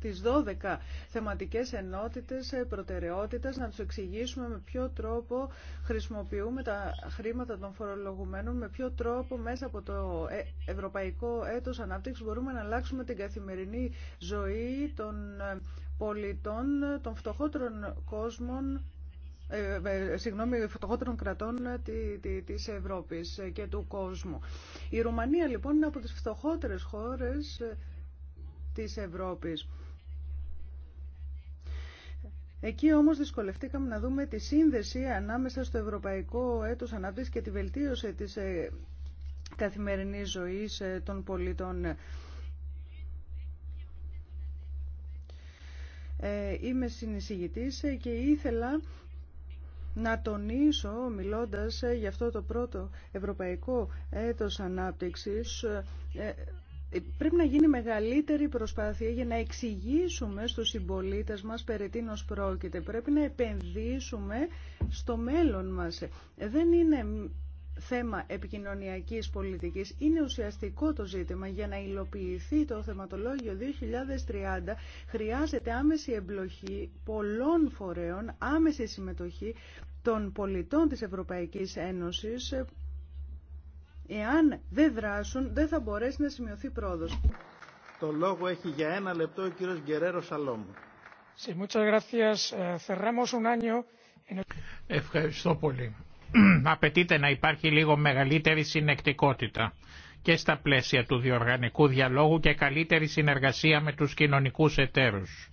τις 12 θεματικές ενότητες ε, προτεραιότητας, να τους εξηγήσουμε με ποιο τρόπο χρησιμοποιούμε τα χρήματα των φορολογουμένων, με ποιο τρόπο μέσα από το ε, Ευρωπαϊκό Έτος Ανάπτυξης μπορούμε να αλλάξουμε την καθημερινή ζωή των ε, πολιτών, των φτωχότερων κόσμων ε, συγγνώμη, φτωχότερων κρατών της Ευρώπης και του κόσμου. Η Ρουμανία λοιπόν είναι από τις φτωχότερες χώρες της Ευρώπης. Εκεί όμως δυσκολευτήκαμε να δούμε τη σύνδεση ανάμεσα στο Ευρωπαϊκό Έτος Ανάπτυξης και τη βελτίωση της ε, καθημερινής ζωής ε, των πολιτών. Ε, είμαι συνεισηγητής και ήθελα να τονίσω, μιλώντας για αυτό το πρώτο Ευρωπαϊκό Έτος Ανάπτυξης, ε, πρέπει να γίνει μεγαλύτερη προσπάθεια για να εξηγήσουμε στους συμπολίτε μας περί τίνος πρόκειται. Πρέπει να επενδύσουμε στο μέλλον μας. Ε, δεν είναι θέμα επικοινωνιακής πολιτικής είναι ουσιαστικό το ζήτημα για να υλοποιηθεί το θεματολόγιο 2030 χρειάζεται άμεση εμπλοχή πολλών φορέων, άμεση συμμετοχή των πολιτών της Ευρωπαϊκής Ένωσης Εάν δεν δράσουν, δεν θα μπορέσει να σημειωθεί πρόοδος. Το λόγο έχει για ένα λεπτό ο κύριος Γκερέρο Σαλόμου. Ε, Ευχαριστώ πολύ. Απαιτείται να υπάρχει λίγο μεγαλύτερη συνεκτικότητα και στα πλαίσια του διοργανικού διαλόγου και καλύτερη συνεργασία με τους κοινωνικούς εταίρους.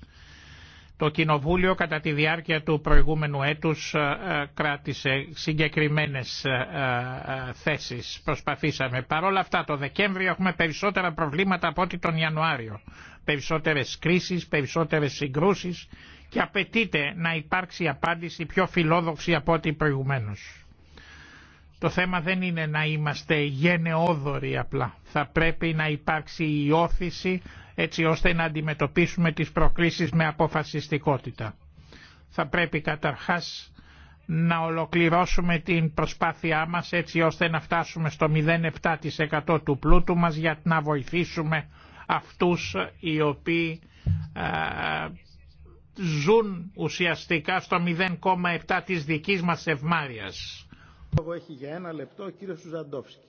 Το Κοινοβούλιο κατά τη διάρκεια του προηγούμενου έτους ε, ε, κράτησε συγκεκριμένες ε, θέσεις. Προσπαθήσαμε. Παρ' όλα αυτά το Δεκέμβριο έχουμε περισσότερα προβλήματα από ό,τι τον Ιανουάριο. Περισσότερες κρίσεις, περισσότερες συγκρούσεις και απαιτείται να υπάρξει απάντηση πιο φιλόδοξη από ό,τι προηγουμένως. Το θέμα δεν είναι να είμαστε γενναιόδοροι απλά. Θα πρέπει να υπάρξει η όθηση έτσι ώστε να αντιμετωπίσουμε τις προκλήσεις με αποφασιστικότητα. Θα πρέπει καταρχάς να ολοκληρώσουμε την προσπάθειά μας έτσι ώστε να φτάσουμε στο 0,7% του πλούτου μας για να βοηθήσουμε αυτούς οι οποίοι ζουν ουσιαστικά στο 0,7% της δικής μας ευμάρειας. Λόγο έχει για ένα λεπτό ο κύριος Σουζαντόφσκι.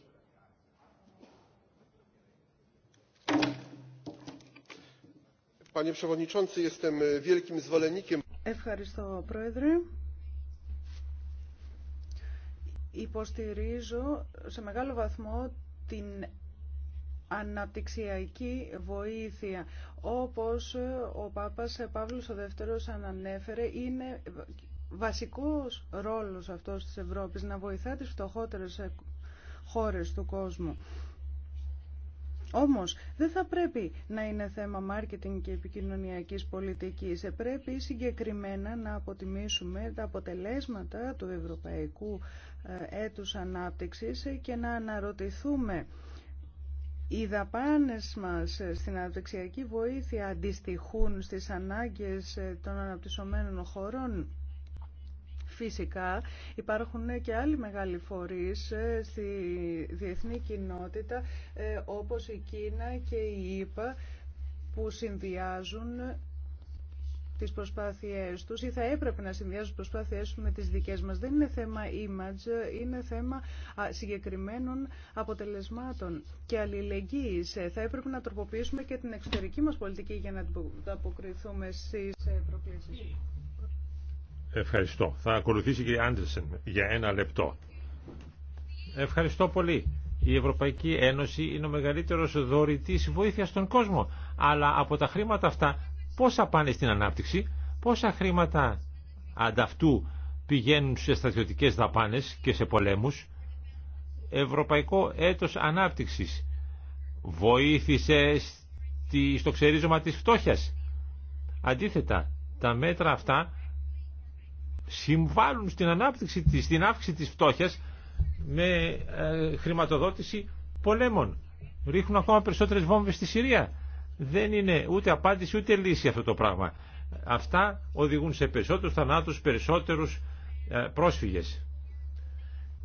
E, Ευχαριστώ, Πρόεδρε. Υποστηρίζω σε μεγάλο βαθμό την αναπτυξιακή βοήθεια. Όπως ο Πάπας Παύλος δεύτερος ανανέφερε, είναι βασικός ρόλος αυτός της Ευρώπης να βοηθά τις φτωχότερες χώρες του κόσμου. Όμως δεν θα πρέπει να είναι θέμα μάρκετινγκ και επικοινωνιακής πολιτικής. Ε, πρέπει συγκεκριμένα να αποτιμήσουμε τα αποτελέσματα του Ευρωπαϊκού ε, Έτους Ανάπτυξης και να αναρωτηθούμε οι δαπάνες μας στην αναπτυξιακή βοήθεια αντιστοιχούν στις ανάγκες ε, των αναπτυσσομένων χωρών. Φυσικά υπάρχουν και άλλοι μεγάλοι φορείς ε, στη διεθνή κοινότητα ε, όπως η Κίνα και η ΙΠΑ που συνδυάζουν τις προσπάθειές τους ή θα έπρεπε να συνδυάζουν τις προσπάθειές τους με τις δικές μας. Δεν είναι θέμα image, είναι θέμα συγκεκριμένων αποτελεσμάτων και αλληλεγγύης. Ε, θα έπρεπε να τροποποιήσουμε και την εξωτερική μας πολιτική για να αποκριθούμε στις προκλήσεις. Ευχαριστώ. Θα ακολουθήσει η κυρία Άντερσεν για ένα λεπτό. Ευχαριστώ πολύ. Η Ευρωπαϊκή Ένωση είναι ο μεγαλύτερος δωρητής βοήθειας στον κόσμο. Αλλά από τα χρήματα αυτά πόσα πάνε στην ανάπτυξη, πόσα χρήματα ανταυτού πηγαίνουν σε στρατιωτικές δαπάνες και σε πολέμους. Ευρωπαϊκό έτος ανάπτυξης βοήθησε στο ξερίζωμα της φτώχειας. Αντίθετα, τα μέτρα αυτά συμβάλλουν στην ανάπτυξη της, στην αύξηση της φτώχειας με ε, χρηματοδότηση πολέμων. Ρίχνουν ακόμα περισσότερες βόμβες στη Συρία. Δεν είναι ούτε απάντηση ούτε λύση αυτό το πράγμα. Αυτά οδηγούν σε περισσότερους θανάτους, περισσότερους ε, πρόσφυγες.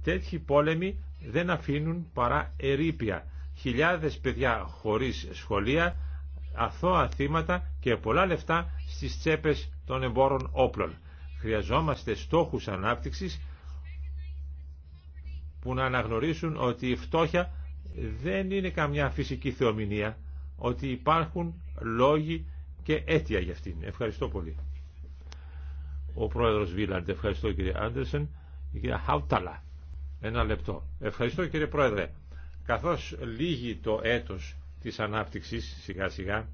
Τέτοιοι πόλεμοι δεν αφήνουν παρά ερήπια. Χιλιάδες παιδιά χωρίς σχολεία, αθώα θύματα και πολλά λεφτά στις τσέπες των εμπόρων όπλων. Χρειαζόμαστε στόχους ανάπτυξης που να αναγνωρίσουν ότι η φτώχεια δεν είναι καμιά φυσική θεομηνία, ότι υπάρχουν λόγοι και αίτια για αυτήν. Ευχαριστώ πολύ. Ο πρόεδρος Βίλαντ, ευχαριστώ κύριε Άντερσεν, η Χαουταλά. Ένα λεπτό. Ευχαριστώ κύριε πρόεδρε. Καθώς λύγει το έτος της ανάπτυξης σιγά σιγά,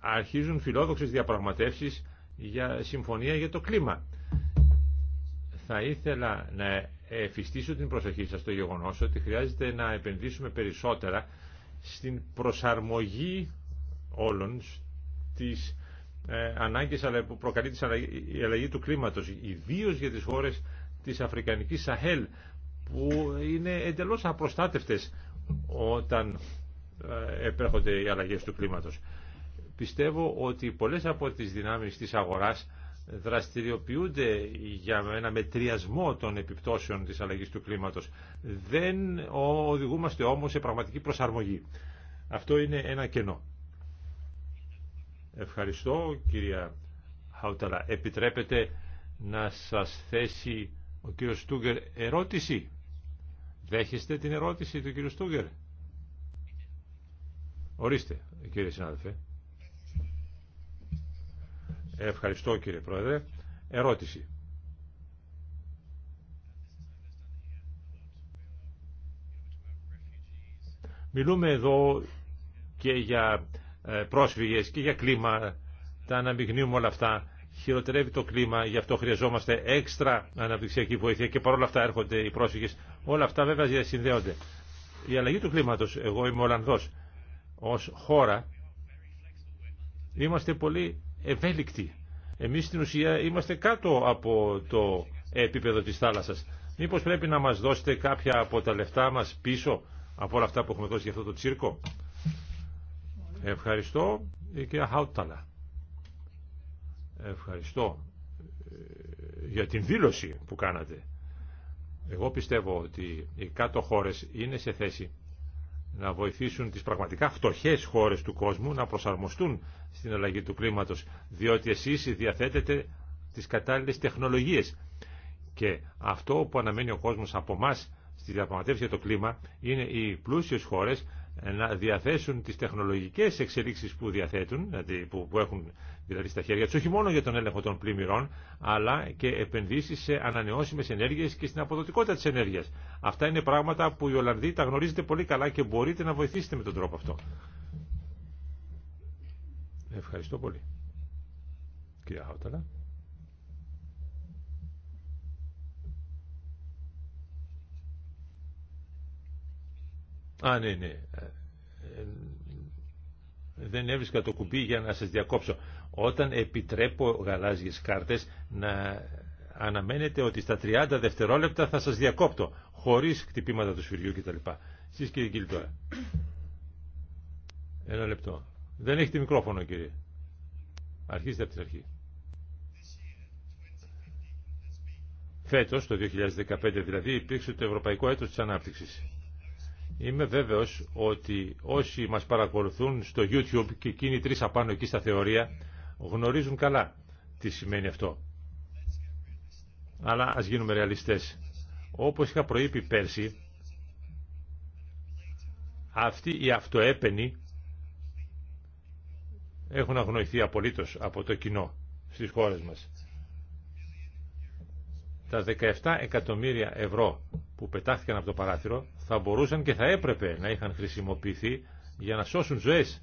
αρχίζουν φιλόδοξες διαπραγματεύσεις για συμφωνία για το κλίμα. Θα ήθελα να εφιστήσω την προσοχή σας στο γεγονός ότι χρειάζεται να επενδύσουμε περισσότερα στην προσαρμογή όλων στις ε, αλλά που προκαλεί η αλλαγή του κλίματος, ιδίως για τις χώρες της Αφρικανικής Σαχέλ που είναι εντελώς απροστάτευτες όταν ε, επέρχονται οι αλλαγές του κλίματος πιστεύω ότι πολλές από τις δυνάμεις της αγοράς δραστηριοποιούνται για ένα μετριασμό των επιπτώσεων της αλλαγής του κλίματος. Δεν οδηγούμαστε όμως σε πραγματική προσαρμογή. Αυτό είναι ένα κενό. Ευχαριστώ κυρία Χαουταλά. Επιτρέπετε να σας θέσει ο κύριος Στούγκερ ερώτηση. Δέχεστε την ερώτηση του κύριου Στούγκερ. Ορίστε κύριε συνάδελφε. Ευχαριστώ κύριε Πρόεδρε. Ερώτηση. Μιλούμε εδώ και για ε, πρόσφυγες και για κλίμα. Τα αναμειγνύουμε όλα αυτά. Χειροτερεύει το κλίμα, γι' αυτό χρειαζόμαστε έξτρα αναπτυξιακή βοήθεια και παρόλα αυτά έρχονται οι πρόσφυγες. Όλα αυτά βέβαια συνδέονται. Η αλλαγή του κλίματος, εγώ είμαι Ολλανδός, ως χώρα είμαστε πολύ ευέλικτοι. Εμείς στην ουσία είμαστε κάτω από το επίπεδο της θάλασσας. Μήπως πρέπει να μας δώσετε κάποια από τα λεφτά μας πίσω από όλα αυτά που έχουμε δώσει για αυτό το τσίρκο. Ευχαριστώ η κυρία Χάουταλα. Ευχαριστώ ε, για την δήλωση που κάνατε. Εγώ πιστεύω ότι οι κάτω χώρες είναι σε θέση να βοηθήσουν τις πραγματικά φτωχές χώρες του κόσμου να προσαρμοστούν στην αλλαγή του κλίματος, διότι εσείς διαθέτετε τις κατάλληλες τεχνολογίες. Και αυτό που αναμένει ο κόσμος από μας στη διαπραγματεύση για το κλίμα είναι οι πλούσιες χώρες να διαθέσουν τις τεχνολογικές εξελίξεις που διαθέτουν, δηλαδή που έχουν δηλαδή στα χέρια τους, όχι μόνο για τον έλεγχο των πλημμυρών, αλλά και επενδύσεις σε ανανεώσιμες ενέργειες και στην αποδοτικότητα της ενέργειας. Αυτά είναι πράγματα που οι Ολλανδοί τα γνωρίζετε πολύ καλά και μπορείτε να βοηθήσετε με τον τρόπο αυτό. Ευχαριστώ πολύ. Κύριε Χαουταλά. Α, ναι, ναι. Ε, ε, δεν έβρισκα το κουμπί για να σας διακόψω. Όταν επιτρέπω γαλάζιες κάρτες να αναμένετε ότι στα 30 δευτερόλεπτα θα σας διακόπτω, χωρίς κτυπήματα του σφυριού κτλ. Εσείς κύριε Γκίλ τώρα. Ένα λεπτό. Δεν έχετε μικρόφωνο κύριε. Αρχίστε από την αρχή. Φέτος, το 2015 δηλαδή, υπήρξε το Ευρωπαϊκό Έτος της Ανάπτυξης. Είμαι βέβαιος ότι όσοι μας παρακολουθούν στο YouTube και εκείνοι τρεις απάνω εκεί στα θεωρία γνωρίζουν καλά τι σημαίνει αυτό. Αλλά ας γίνουμε ρεαλιστές. Όπως είχα προείπει πέρσι, αυτοί οι αυτοέπαινοι έχουν αγνοηθεί απολύτως από το κοινό στις χώρες μας τα 17 εκατομμύρια ευρώ που πετάχθηκαν από το παράθυρο θα μπορούσαν και θα έπρεπε να είχαν χρησιμοποιηθεί για να σώσουν ζωές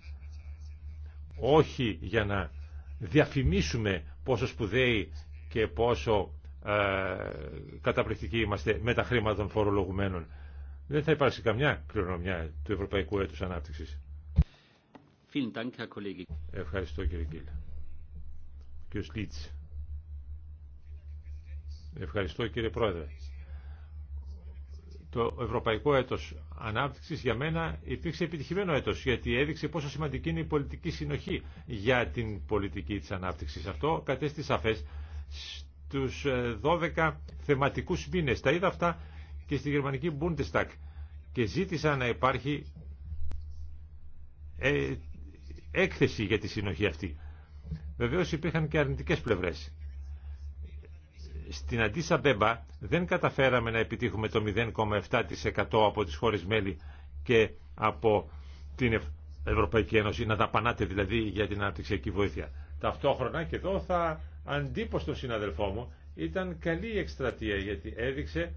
όχι για να διαφημίσουμε πόσο σπουδαίοι και πόσο ε, καταπληκτικοί είμαστε με τα χρήματα των φορολογουμένων. Δεν θα υπάρξει καμιά κληρονομιά του Ευρωπαϊκού Έτους Ανάπτυξης. Ευχαριστώ κύριε Γκίλ. Ευχαριστώ κύριε Πρόεδρε. Το Ευρωπαϊκό Έτος Ανάπτυξης για μένα υπήρξε επιτυχημένο έτος γιατί έδειξε πόσο σημαντική είναι η πολιτική συνοχή για την πολιτική της ανάπτυξης. Αυτό κατέστη σαφές στους 12 ε, θεματικούς μήνες. Τα είδα αυτά και στη γερμανική Bundestag και ζήτησα να υπάρχει ε, έκθεση για τη συνοχή αυτή. Βεβαίως υπήρχαν και αρνητικές πλευρές στην Αντίσα Μπέμπα δεν καταφέραμε να επιτύχουμε το 0,7% από τις χώρες μέλη και από την Ευρωπαϊκή Ένωση, να πανάτε δηλαδή για την αναπτυξιακή βοήθεια. Ταυτόχρονα και εδώ θα αντίπω στον συναδελφό μου, ήταν καλή η εκστρατεία γιατί έδειξε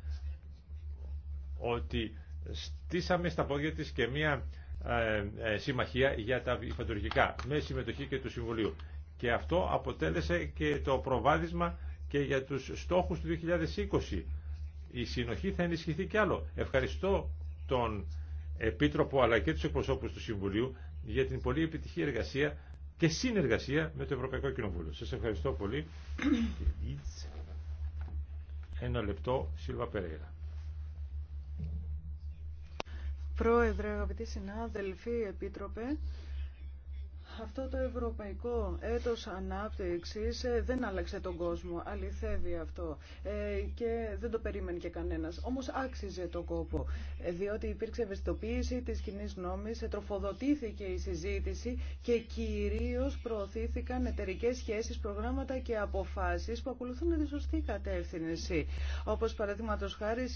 ότι στήσαμε στα πόδια της και μία ε, ε, συμμαχία για τα υφαντουργικά με συμμετοχή και του Συμβουλίου. Και αυτό αποτέλεσε και το προβάδισμα και για τους στόχους του 2020. Η συνοχή θα ενισχυθεί κι άλλο. Ευχαριστώ τον Επίτροπο αλλά και τους εκπροσώπους του Συμβουλίου για την πολύ επιτυχή εργασία και συνεργασία με το Ευρωπαϊκό Κοινοβούλιο. Σας ευχαριστώ πολύ. Ένα λεπτό, Σίλβα Περέιρα. Πρόεδρε, αγαπητοί συνάδελφοι, επίτροπε, αυτό το ευρωπαϊκό έτος ανάπτυξης ε, δεν άλλαξε τον κόσμο, αληθεύει αυτό ε, και δεν το περίμενε και κανένας. Όμως άξιζε τον κόπο, ε, διότι υπήρξε ευαισθητοποίηση της κοινή νόμης, τροφοδοτήθηκε η συζήτηση και κυρίως προωθήθηκαν εταιρικές σχέσεις, προγράμματα και αποφάσεις που ακολουθούν τη σωστή κατεύθυνση. Όπως παραδείγματο χάρη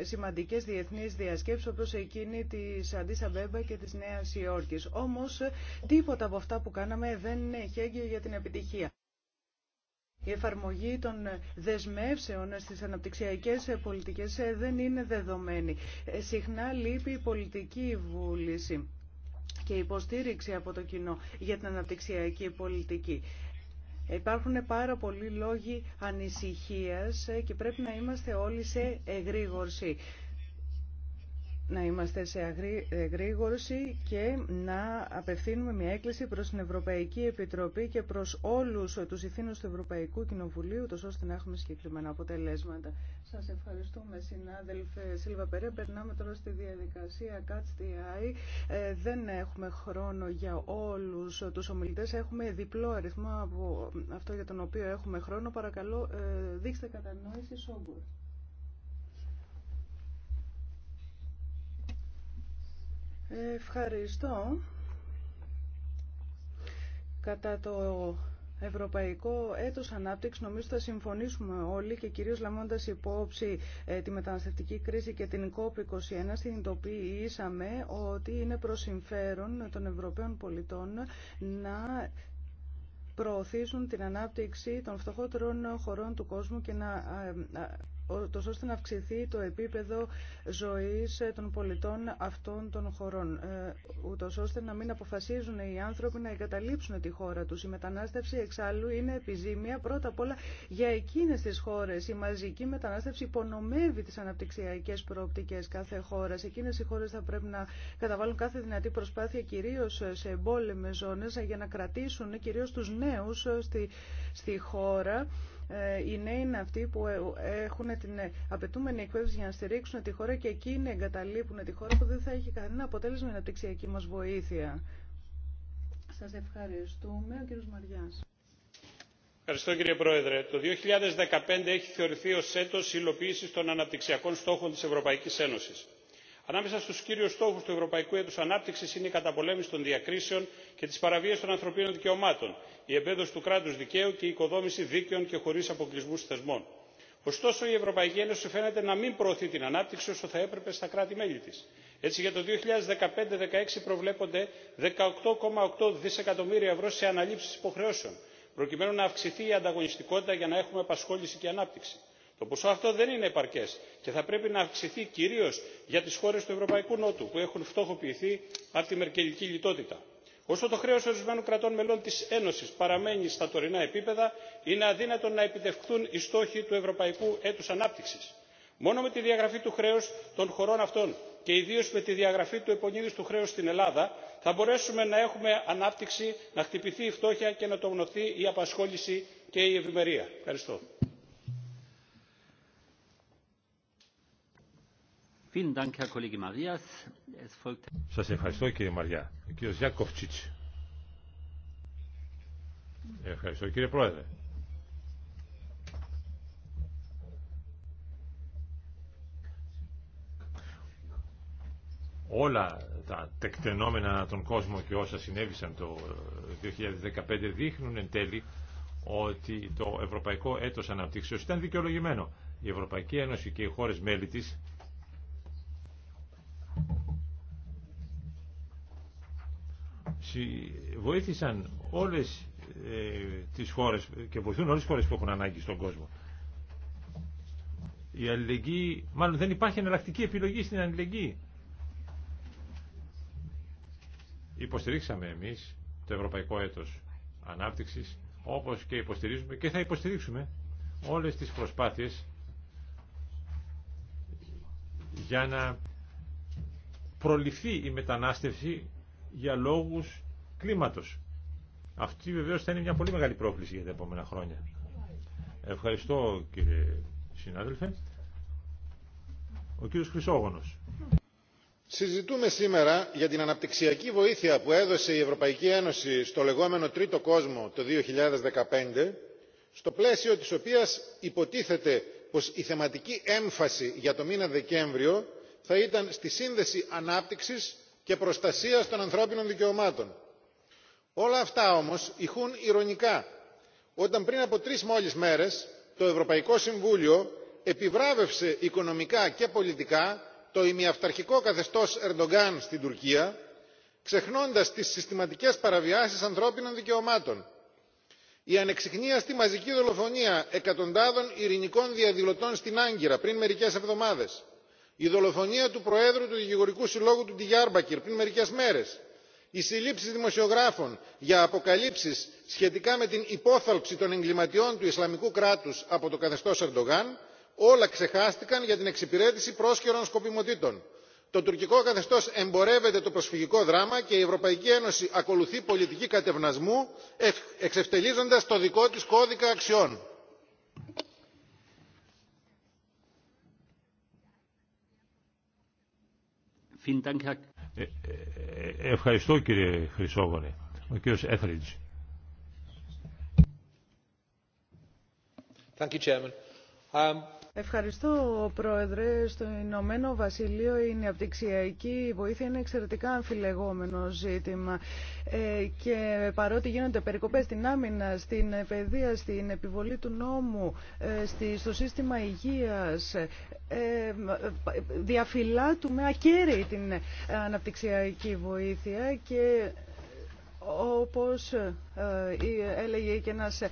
σημαντικές διεθνείς διασκέψεις όπως εκείνη της Αντίσα Μπέμπα και της Νέας Υόρκης. Όμως τίποτα από αυτά που κάναμε δεν είναι χέγγιο για την επιτυχία. Η εφαρμογή των δεσμεύσεων στις αναπτυξιακές πολιτικές δεν είναι δεδομένη. Συχνά λείπει η πολιτική βούληση και υποστήριξη από το κοινό για την αναπτυξιακή πολιτική. Υπάρχουν πάρα πολλοί λόγοι ανησυχίας και πρέπει να είμαστε όλοι σε εγρήγορση να είμαστε σε γρήγορση και να απευθύνουμε μια έκκληση προς την Ευρωπαϊκή Επιτροπή και προς όλους τους ηθήνους του Ευρωπαϊκού Κοινοβουλίου, τόσο ώστε να έχουμε συγκεκριμένα αποτελέσματα. Σας ευχαριστούμε συνάδελφε Σίλβα Περέ. Περνάμε τώρα στη διαδικασία Catch the Eye. Ε, δεν έχουμε χρόνο για όλους τους ομιλητές. Έχουμε διπλό αριθμό από αυτό για τον οποίο έχουμε χρόνο. Παρακαλώ, ε, δείξτε κατανόηση Ευχαριστώ. Κατά το Ευρωπαϊκό έτος ανάπτυξης νομίζω θα συμφωνήσουμε όλοι και κυρίως λαμβάνοντας υπόψη ε, τη μεταναστευτική κρίση και την COP21 συνειδητοποιήσαμε ότι είναι προς συμφέρον των Ευρωπαίων πολιτών να προωθήσουν την ανάπτυξη των φτωχότερων χωρών του κόσμου και να ε, ε, τόσο ώστε να αυξηθεί το επίπεδο ζωής ε, των πολιτών αυτών των χωρών, ε, ούτω ώστε να μην αποφασίζουν οι άνθρωποι να εγκαταλείψουν τη χώρα τους. Η μετανάστευση εξάλλου είναι επιζήμια πρώτα απ' όλα για εκείνες τις χώρες. Η μαζική μετανάστευση υπονομεύει τις αναπτυξιακές προοπτικές κάθε χώρας. Εκείνες οι χώρες θα πρέπει να καταβάλουν κάθε δυνατή προσπάθεια κυρίως σε εμπόλεμες ζώνες για να κρατήσουν κυρίως τους νέους ε, στη, στη χώρα ε, οι νέοι είναι αυτοί που ε, έχουν την ε, απαιτούμενη εκπαίδευση για να στηρίξουν τη χώρα και εκείνοι εγκαταλείπουν τη χώρα που δεν θα έχει κανένα αποτέλεσμα η αναπτυξιακή μας βοήθεια. Σας ευχαριστούμε. Ο κύριος Μαριάς. Ευχαριστώ κύριε Πρόεδρε. Το 2015 έχει θεωρηθεί ως έτος υλοποίηση των αναπτυξιακών στόχων της Ευρωπαϊκής Ένωσης. Ανάμεσα στους κύριους στόχους του Ευρωπαϊκού Έτου Ανάπτυξης είναι η καταπολέμηση των διακρίσεων και της παραβίας των ανθρωπίνων δικαιωμάτων η εμπέδωση του κράτου δικαίου και η οικοδόμηση δίκαιων και χωρί αποκλεισμού θεσμών. Ωστόσο, η Ευρωπαϊκή Ένωση φαίνεται να μην προωθεί την ανάπτυξη όσο θα έπρεπε στα κράτη-μέλη τη. Έτσι, για το 2015-2016 προβλέπονται 18,8 δισεκατομμύρια ευρώ σε αναλήψει υποχρεώσεων, προκειμένου να αυξηθεί η ανταγωνιστικότητα για να έχουμε απασχόληση και ανάπτυξη. Το ποσό αυτό δεν είναι επαρκέ και θα πρέπει να αυξηθεί κυρίω για τι χώρε του Ευρωπαϊκού Νότου, που έχουν φτωχοποιηθεί από τη μερκελική λιτότητα όσο το χρέο ορισμένων κρατών μελών τη ένωση παραμένει στα τωρινά επίπεδα είναι αδύνατο να επιτευχθούν οι στόχοι του ευρωπαϊκού έτου ανάπτυξη. μόνο με τη διαγραφή του χρέου των χωρών αυτών και ιδίω με τη διαγραφή του επονίδιστου του χρέου στην ελλάδα θα μπορέσουμε να έχουμε ανάπτυξη να χτυπηθεί η φτώχεια και να τονωθεί η απασχόληση και η ευημερία. ευχαριστώ. Σας ευχαριστώ κύριε Μαριά. Ο κύριος Γιάκοφτσιτς. Ευχαριστώ κύριε Πρόεδρε. όλα τα τεκτενόμενα των κόσμων και όσα συνέβησαν το 2015 δείχνουν εν τέλει ότι το Ευρωπαϊκό Έτος Αναπτύξεως ήταν δικαιολογημένο. Η Ευρωπαϊκή Ένωση και οι χώρες μέλη της βοήθησαν όλες ε, τις χώρες και βοηθούν όλες τις χώρες που έχουν ανάγκη στον κόσμο. Η αλληλεγγύη, μάλλον δεν υπάρχει εναλλακτική επιλογή στην αλληλεγγύη. Υποστηρίξαμε εμείς το Ευρωπαϊκό Έτος Ανάπτυξης, όπως και υποστηρίζουμε και θα υποστηρίξουμε όλες τις προσπάθειες για να προληφθεί η μετανάστευση για λόγους κλίματος. Αυτή βεβαίω θα είναι μια πολύ μεγάλη πρόκληση για τα επόμενα χρόνια. Ευχαριστώ κύριε συνάδελφε. Ο κύριος Χρυσόγονος. Συζητούμε σήμερα για την αναπτυξιακή βοήθεια που έδωσε η Ευρωπαϊκή Ένωση στο λεγόμενο Τρίτο Κόσμο το 2015, στο πλαίσιο της οποίας υποτίθεται πως η θεματική έμφαση για το μήνα Δεκέμβριο θα ήταν στη σύνδεση ανάπτυξης και προστασίας των ανθρώπινων δικαιωμάτων όλα αυτά όμως ηχούν ηρωνικά όταν πριν από τρεις μόλις μέρες το ευρωπαϊκό συμβούλιο επιβράβευσε οικονομικά και πολιτικά το ημιαυταρχικό καθεστώς ερντογκάν στην τουρκία ξεχνώντας τις συστηματικές παραβιάσεις ανθρώπινων δικαιωμάτων. η στη μαζική δολοφονία εκατοντάδων ειρηνικών διαδηλωτών στην άγκυρα πριν μερικές εβδομάδες η δολοφονία του προέδρου του δικηγορικού συλλόγου του ντιγιάρμπακυρ πριν μερικές μέρες οι συλλήψεις δημοσιογράφων για αποκαλύψεις σχετικά με την υπόθαλψη των εγκληματιών του ισλαμικού κράτους από το καθεστώς ερντογάν όλα ξεχάστηκαν για την εξυπηρέτηση πρόσχερων σκοπιμοτήτων. το τουρκικό καθεστώς εμπορεύεται το προσφυγικό δράμα και η ευρωπαϊκή ένωση ακολουθεί πολιτική κατευνασμού εξευτελίζοντας το δικό της κώδικα αξιών. Ε, ε, ευχαριστώ κύριε Χρυσόγονε. Ο κύριος Έθριτζ. Thank you, Chairman. Um... Ευχαριστώ, Πρόεδρε. Στο Ηνωμένο Βασιλείο η αναπτυξιακή βοήθεια είναι εξαιρετικά αμφιλεγόμενο ζήτημα. Ε, και παρότι γίνονται περικοπές στην άμυνα, στην παιδεία, στην επιβολή του νόμου, ε, στο σύστημα υγείας, ε, διαφυλάτουμε ακέραιη την αναπτυξιακή βοήθεια και όπως ε, έλεγε και ένας ε,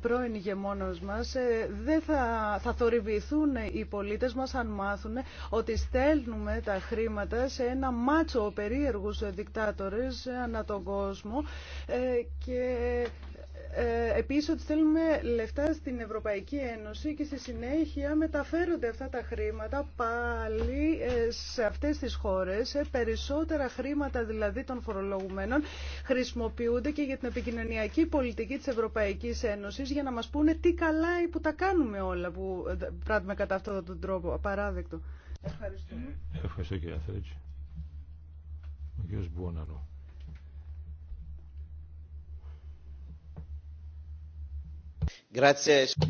πρώην ηγεμόνος μας, ε, δεν θα, θα θορυβηθούν οι πολίτες μας αν μάθουν ότι στέλνουμε τα χρήματα σε ένα μάτσο περίεργους δικτάτορες ανά τον κόσμο και ε, επίσης ότι θέλουμε λεφτά στην Ευρωπαϊκή Ένωση και στη συνέχεια μεταφέρονται αυτά τα χρήματα πάλι ε, σε αυτές τις χώρες. Ε, περισσότερα χρήματα δηλαδή των φορολογουμένων χρησιμοποιούνται και για την επικοινωνιακή πολιτική της Ευρωπαϊκής Ένωσης για να μας πούνε τι καλά ή που τα κάνουμε όλα που πράττουμε κατά αυτόν τον τρόπο. Απαράδεκτο. Ευχαριστούμε. Ευχαριστώ κύριε Αθρέτζη. Ο κύριος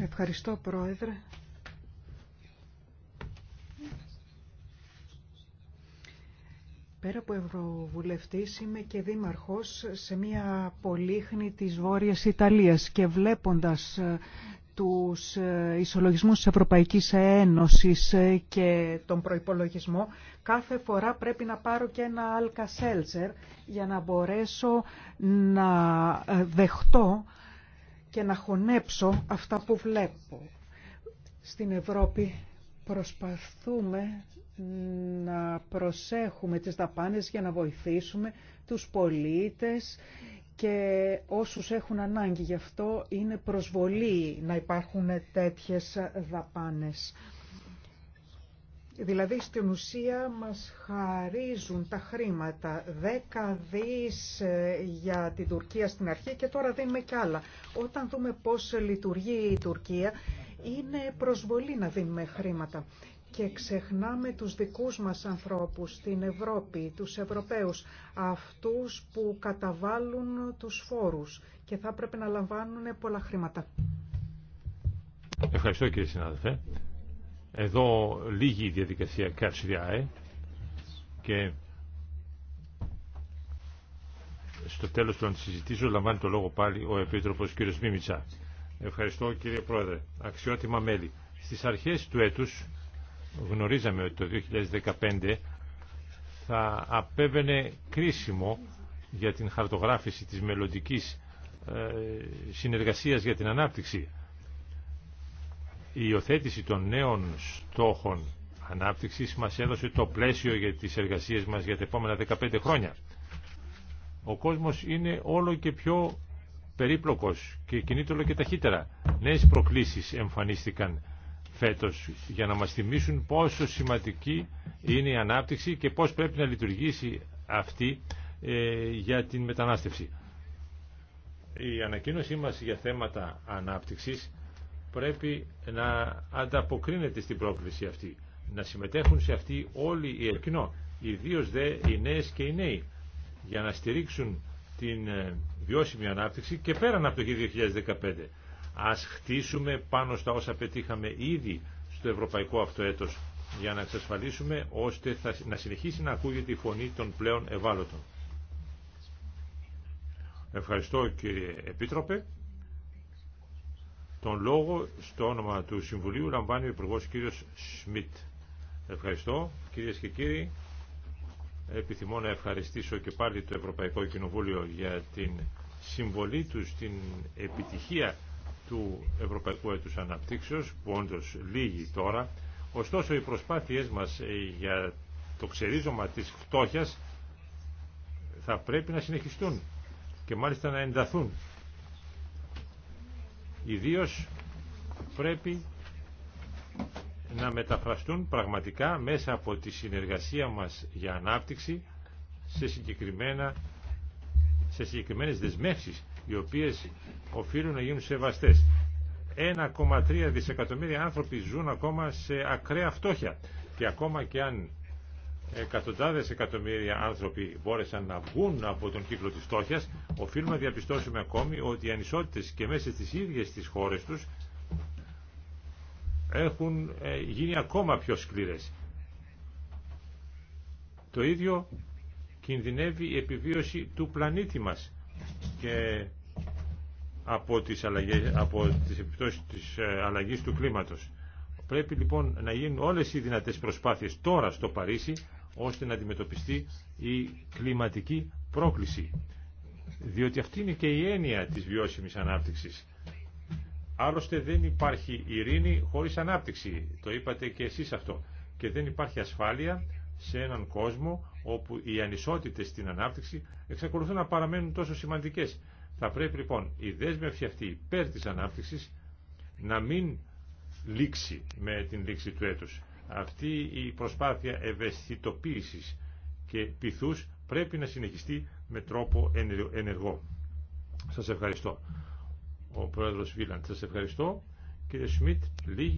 Ευχαριστώ, Πρόεδρε. Πέρα από Ευρωβουλευτής είμαι και δήμαρχος σε μια πολύχνη της Βόρειας Ιταλίας και βλέποντας ε, τους ε, ισολογισμούς της Ευρωπαϊκής Ένωσης ε, και τον προϋπολογισμό, κάθε φορά πρέπει να πάρω και ένα αλκασέλτσερ για να μπορέσω να δεχτώ και να χωνέψω αυτά που βλέπω. Στην Ευρώπη προσπαθούμε να προσέχουμε τις δαπάνες για να βοηθήσουμε τους πολίτες και όσους έχουν ανάγκη. Γι' αυτό είναι προσβολή να υπάρχουν τέτοιες δαπάνες. Δηλαδή στην ουσία μας χαρίζουν τα χρήματα δέκα δις ε, για την Τουρκία στην αρχή και τώρα δίνουμε κι άλλα. Όταν δούμε πώς λειτουργεί η Τουρκία είναι προσβολή να δίνουμε χρήματα. Και ξεχνάμε τους δικούς μας ανθρώπους στην Ευρώπη, τους Ευρωπαίους, αυτούς που καταβάλουν τους φόρους και θα πρέπει να λαμβάνουν πολλά χρήματα. Ευχαριστώ κύριε συνάδελφε. Εδώ λίγη η διαδικασία catch και στο τέλος των συζητήσεων λαμβάνει το λόγο πάλι ο Επίτροπος κ. Μίμητσα. Ευχαριστώ κύριε Πρόεδρε. Αξιότιμα μέλη. Στις αρχές του έτους γνωρίζαμε ότι το 2015 θα απέβαινε κρίσιμο για την χαρτογράφηση της μελλοντική ε, συνεργασίας για την ανάπτυξη η υιοθέτηση των νέων στόχων ανάπτυξης μας έδωσε το πλαίσιο για τις εργασίες μας για τα επόμενα 15 χρόνια. Ο κόσμος είναι όλο και πιο περίπλοκος και κινείται όλο και ταχύτερα. Νέες προκλήσεις εμφανίστηκαν φέτος για να μας θυμίσουν πόσο σημαντική είναι η ανάπτυξη και πώς πρέπει να λειτουργήσει αυτή ε, για την μετανάστευση. Η ανακοίνωσή μας για θέματα ανάπτυξης πρέπει να ανταποκρίνεται στην πρόκληση αυτή. Να συμμετέχουν σε αυτή όλοι οι ερκνό, ιδίω δε οι νέε και οι νέοι, για να στηρίξουν την ε, βιώσιμη ανάπτυξη και πέραν από το 2015. Ας χτίσουμε πάνω στα όσα πετύχαμε ήδη στο ευρωπαϊκό αυτό έτος για να εξασφαλίσουμε ώστε να συνεχίσει να ακούγεται η φωνή των πλέον ευάλωτων. Ευχαριστώ κύριε Επίτροπε. Τον λόγο στο όνομα του Συμβουλίου λαμβάνει ο Υπουργό κ. Σμιτ. Ευχαριστώ κυρίε και κύριοι. Επιθυμώ να ευχαριστήσω και πάλι το Ευρωπαϊκό Κοινοβούλιο για την συμβολή του στην επιτυχία του Ευρωπαϊκού Ετου Αναπτύξεω, που όντω λύγει τώρα. Ωστόσο οι προσπάθειε μας ε, για το ξερίζωμα τη φτώχεια θα πρέπει να συνεχιστούν και μάλιστα να ενταθούν Ιδίως πρέπει να μεταφραστούν πραγματικά μέσα από τη συνεργασία μας για ανάπτυξη σε, συγκεκριμένα, σε συγκεκριμένες δεσμεύσεις οι οποίες οφείλουν να γίνουν σεβαστές. 1,3 δισεκατομμύρια άνθρωποι ζουν ακόμα σε ακραία φτώχεια και ακόμα και αν εκατοντάδες εκατομμύρια άνθρωποι μπόρεσαν να βγουν από τον κύκλο της φτώχειας οφείλουμε να διαπιστώσουμε ακόμη ότι οι ανισότητες και μέσα στις ίδιες τις χώρες τους έχουν ε, γίνει ακόμα πιο σκληρές. Το ίδιο κινδυνεύει η επιβίωση του πλανήτη μας και από τις, αλλαγές, από τις επιπτώσεις της ε, αλλαγής του κλίματος. Πρέπει λοιπόν να γίνουν όλες οι δυνατές προσπάθειες τώρα στο Παρίσι ώστε να αντιμετωπιστεί η κλιματική πρόκληση. Διότι αυτή είναι και η έννοια της βιώσιμης ανάπτυξης. Άλλωστε δεν υπάρχει ειρήνη χωρίς ανάπτυξη. Το είπατε και εσείς αυτό. Και δεν υπάρχει ασφάλεια σε έναν κόσμο όπου οι ανισότητες στην ανάπτυξη εξακολουθούν να παραμένουν τόσο σημαντικές. Θα πρέπει λοιπόν η δέσμευση αυτή υπέρ της ανάπτυξης να μην λήξει με την λήξη του έτους. Αυτή η προσπάθεια ευαισθητοποίησης και πειθούς πρέπει να συνεχιστεί με τρόπο ενεργό. Σας ευχαριστώ. Ο Πρόεδρος Βίλαντ, σας ευχαριστώ. Κύριε Σμιτ, λίγη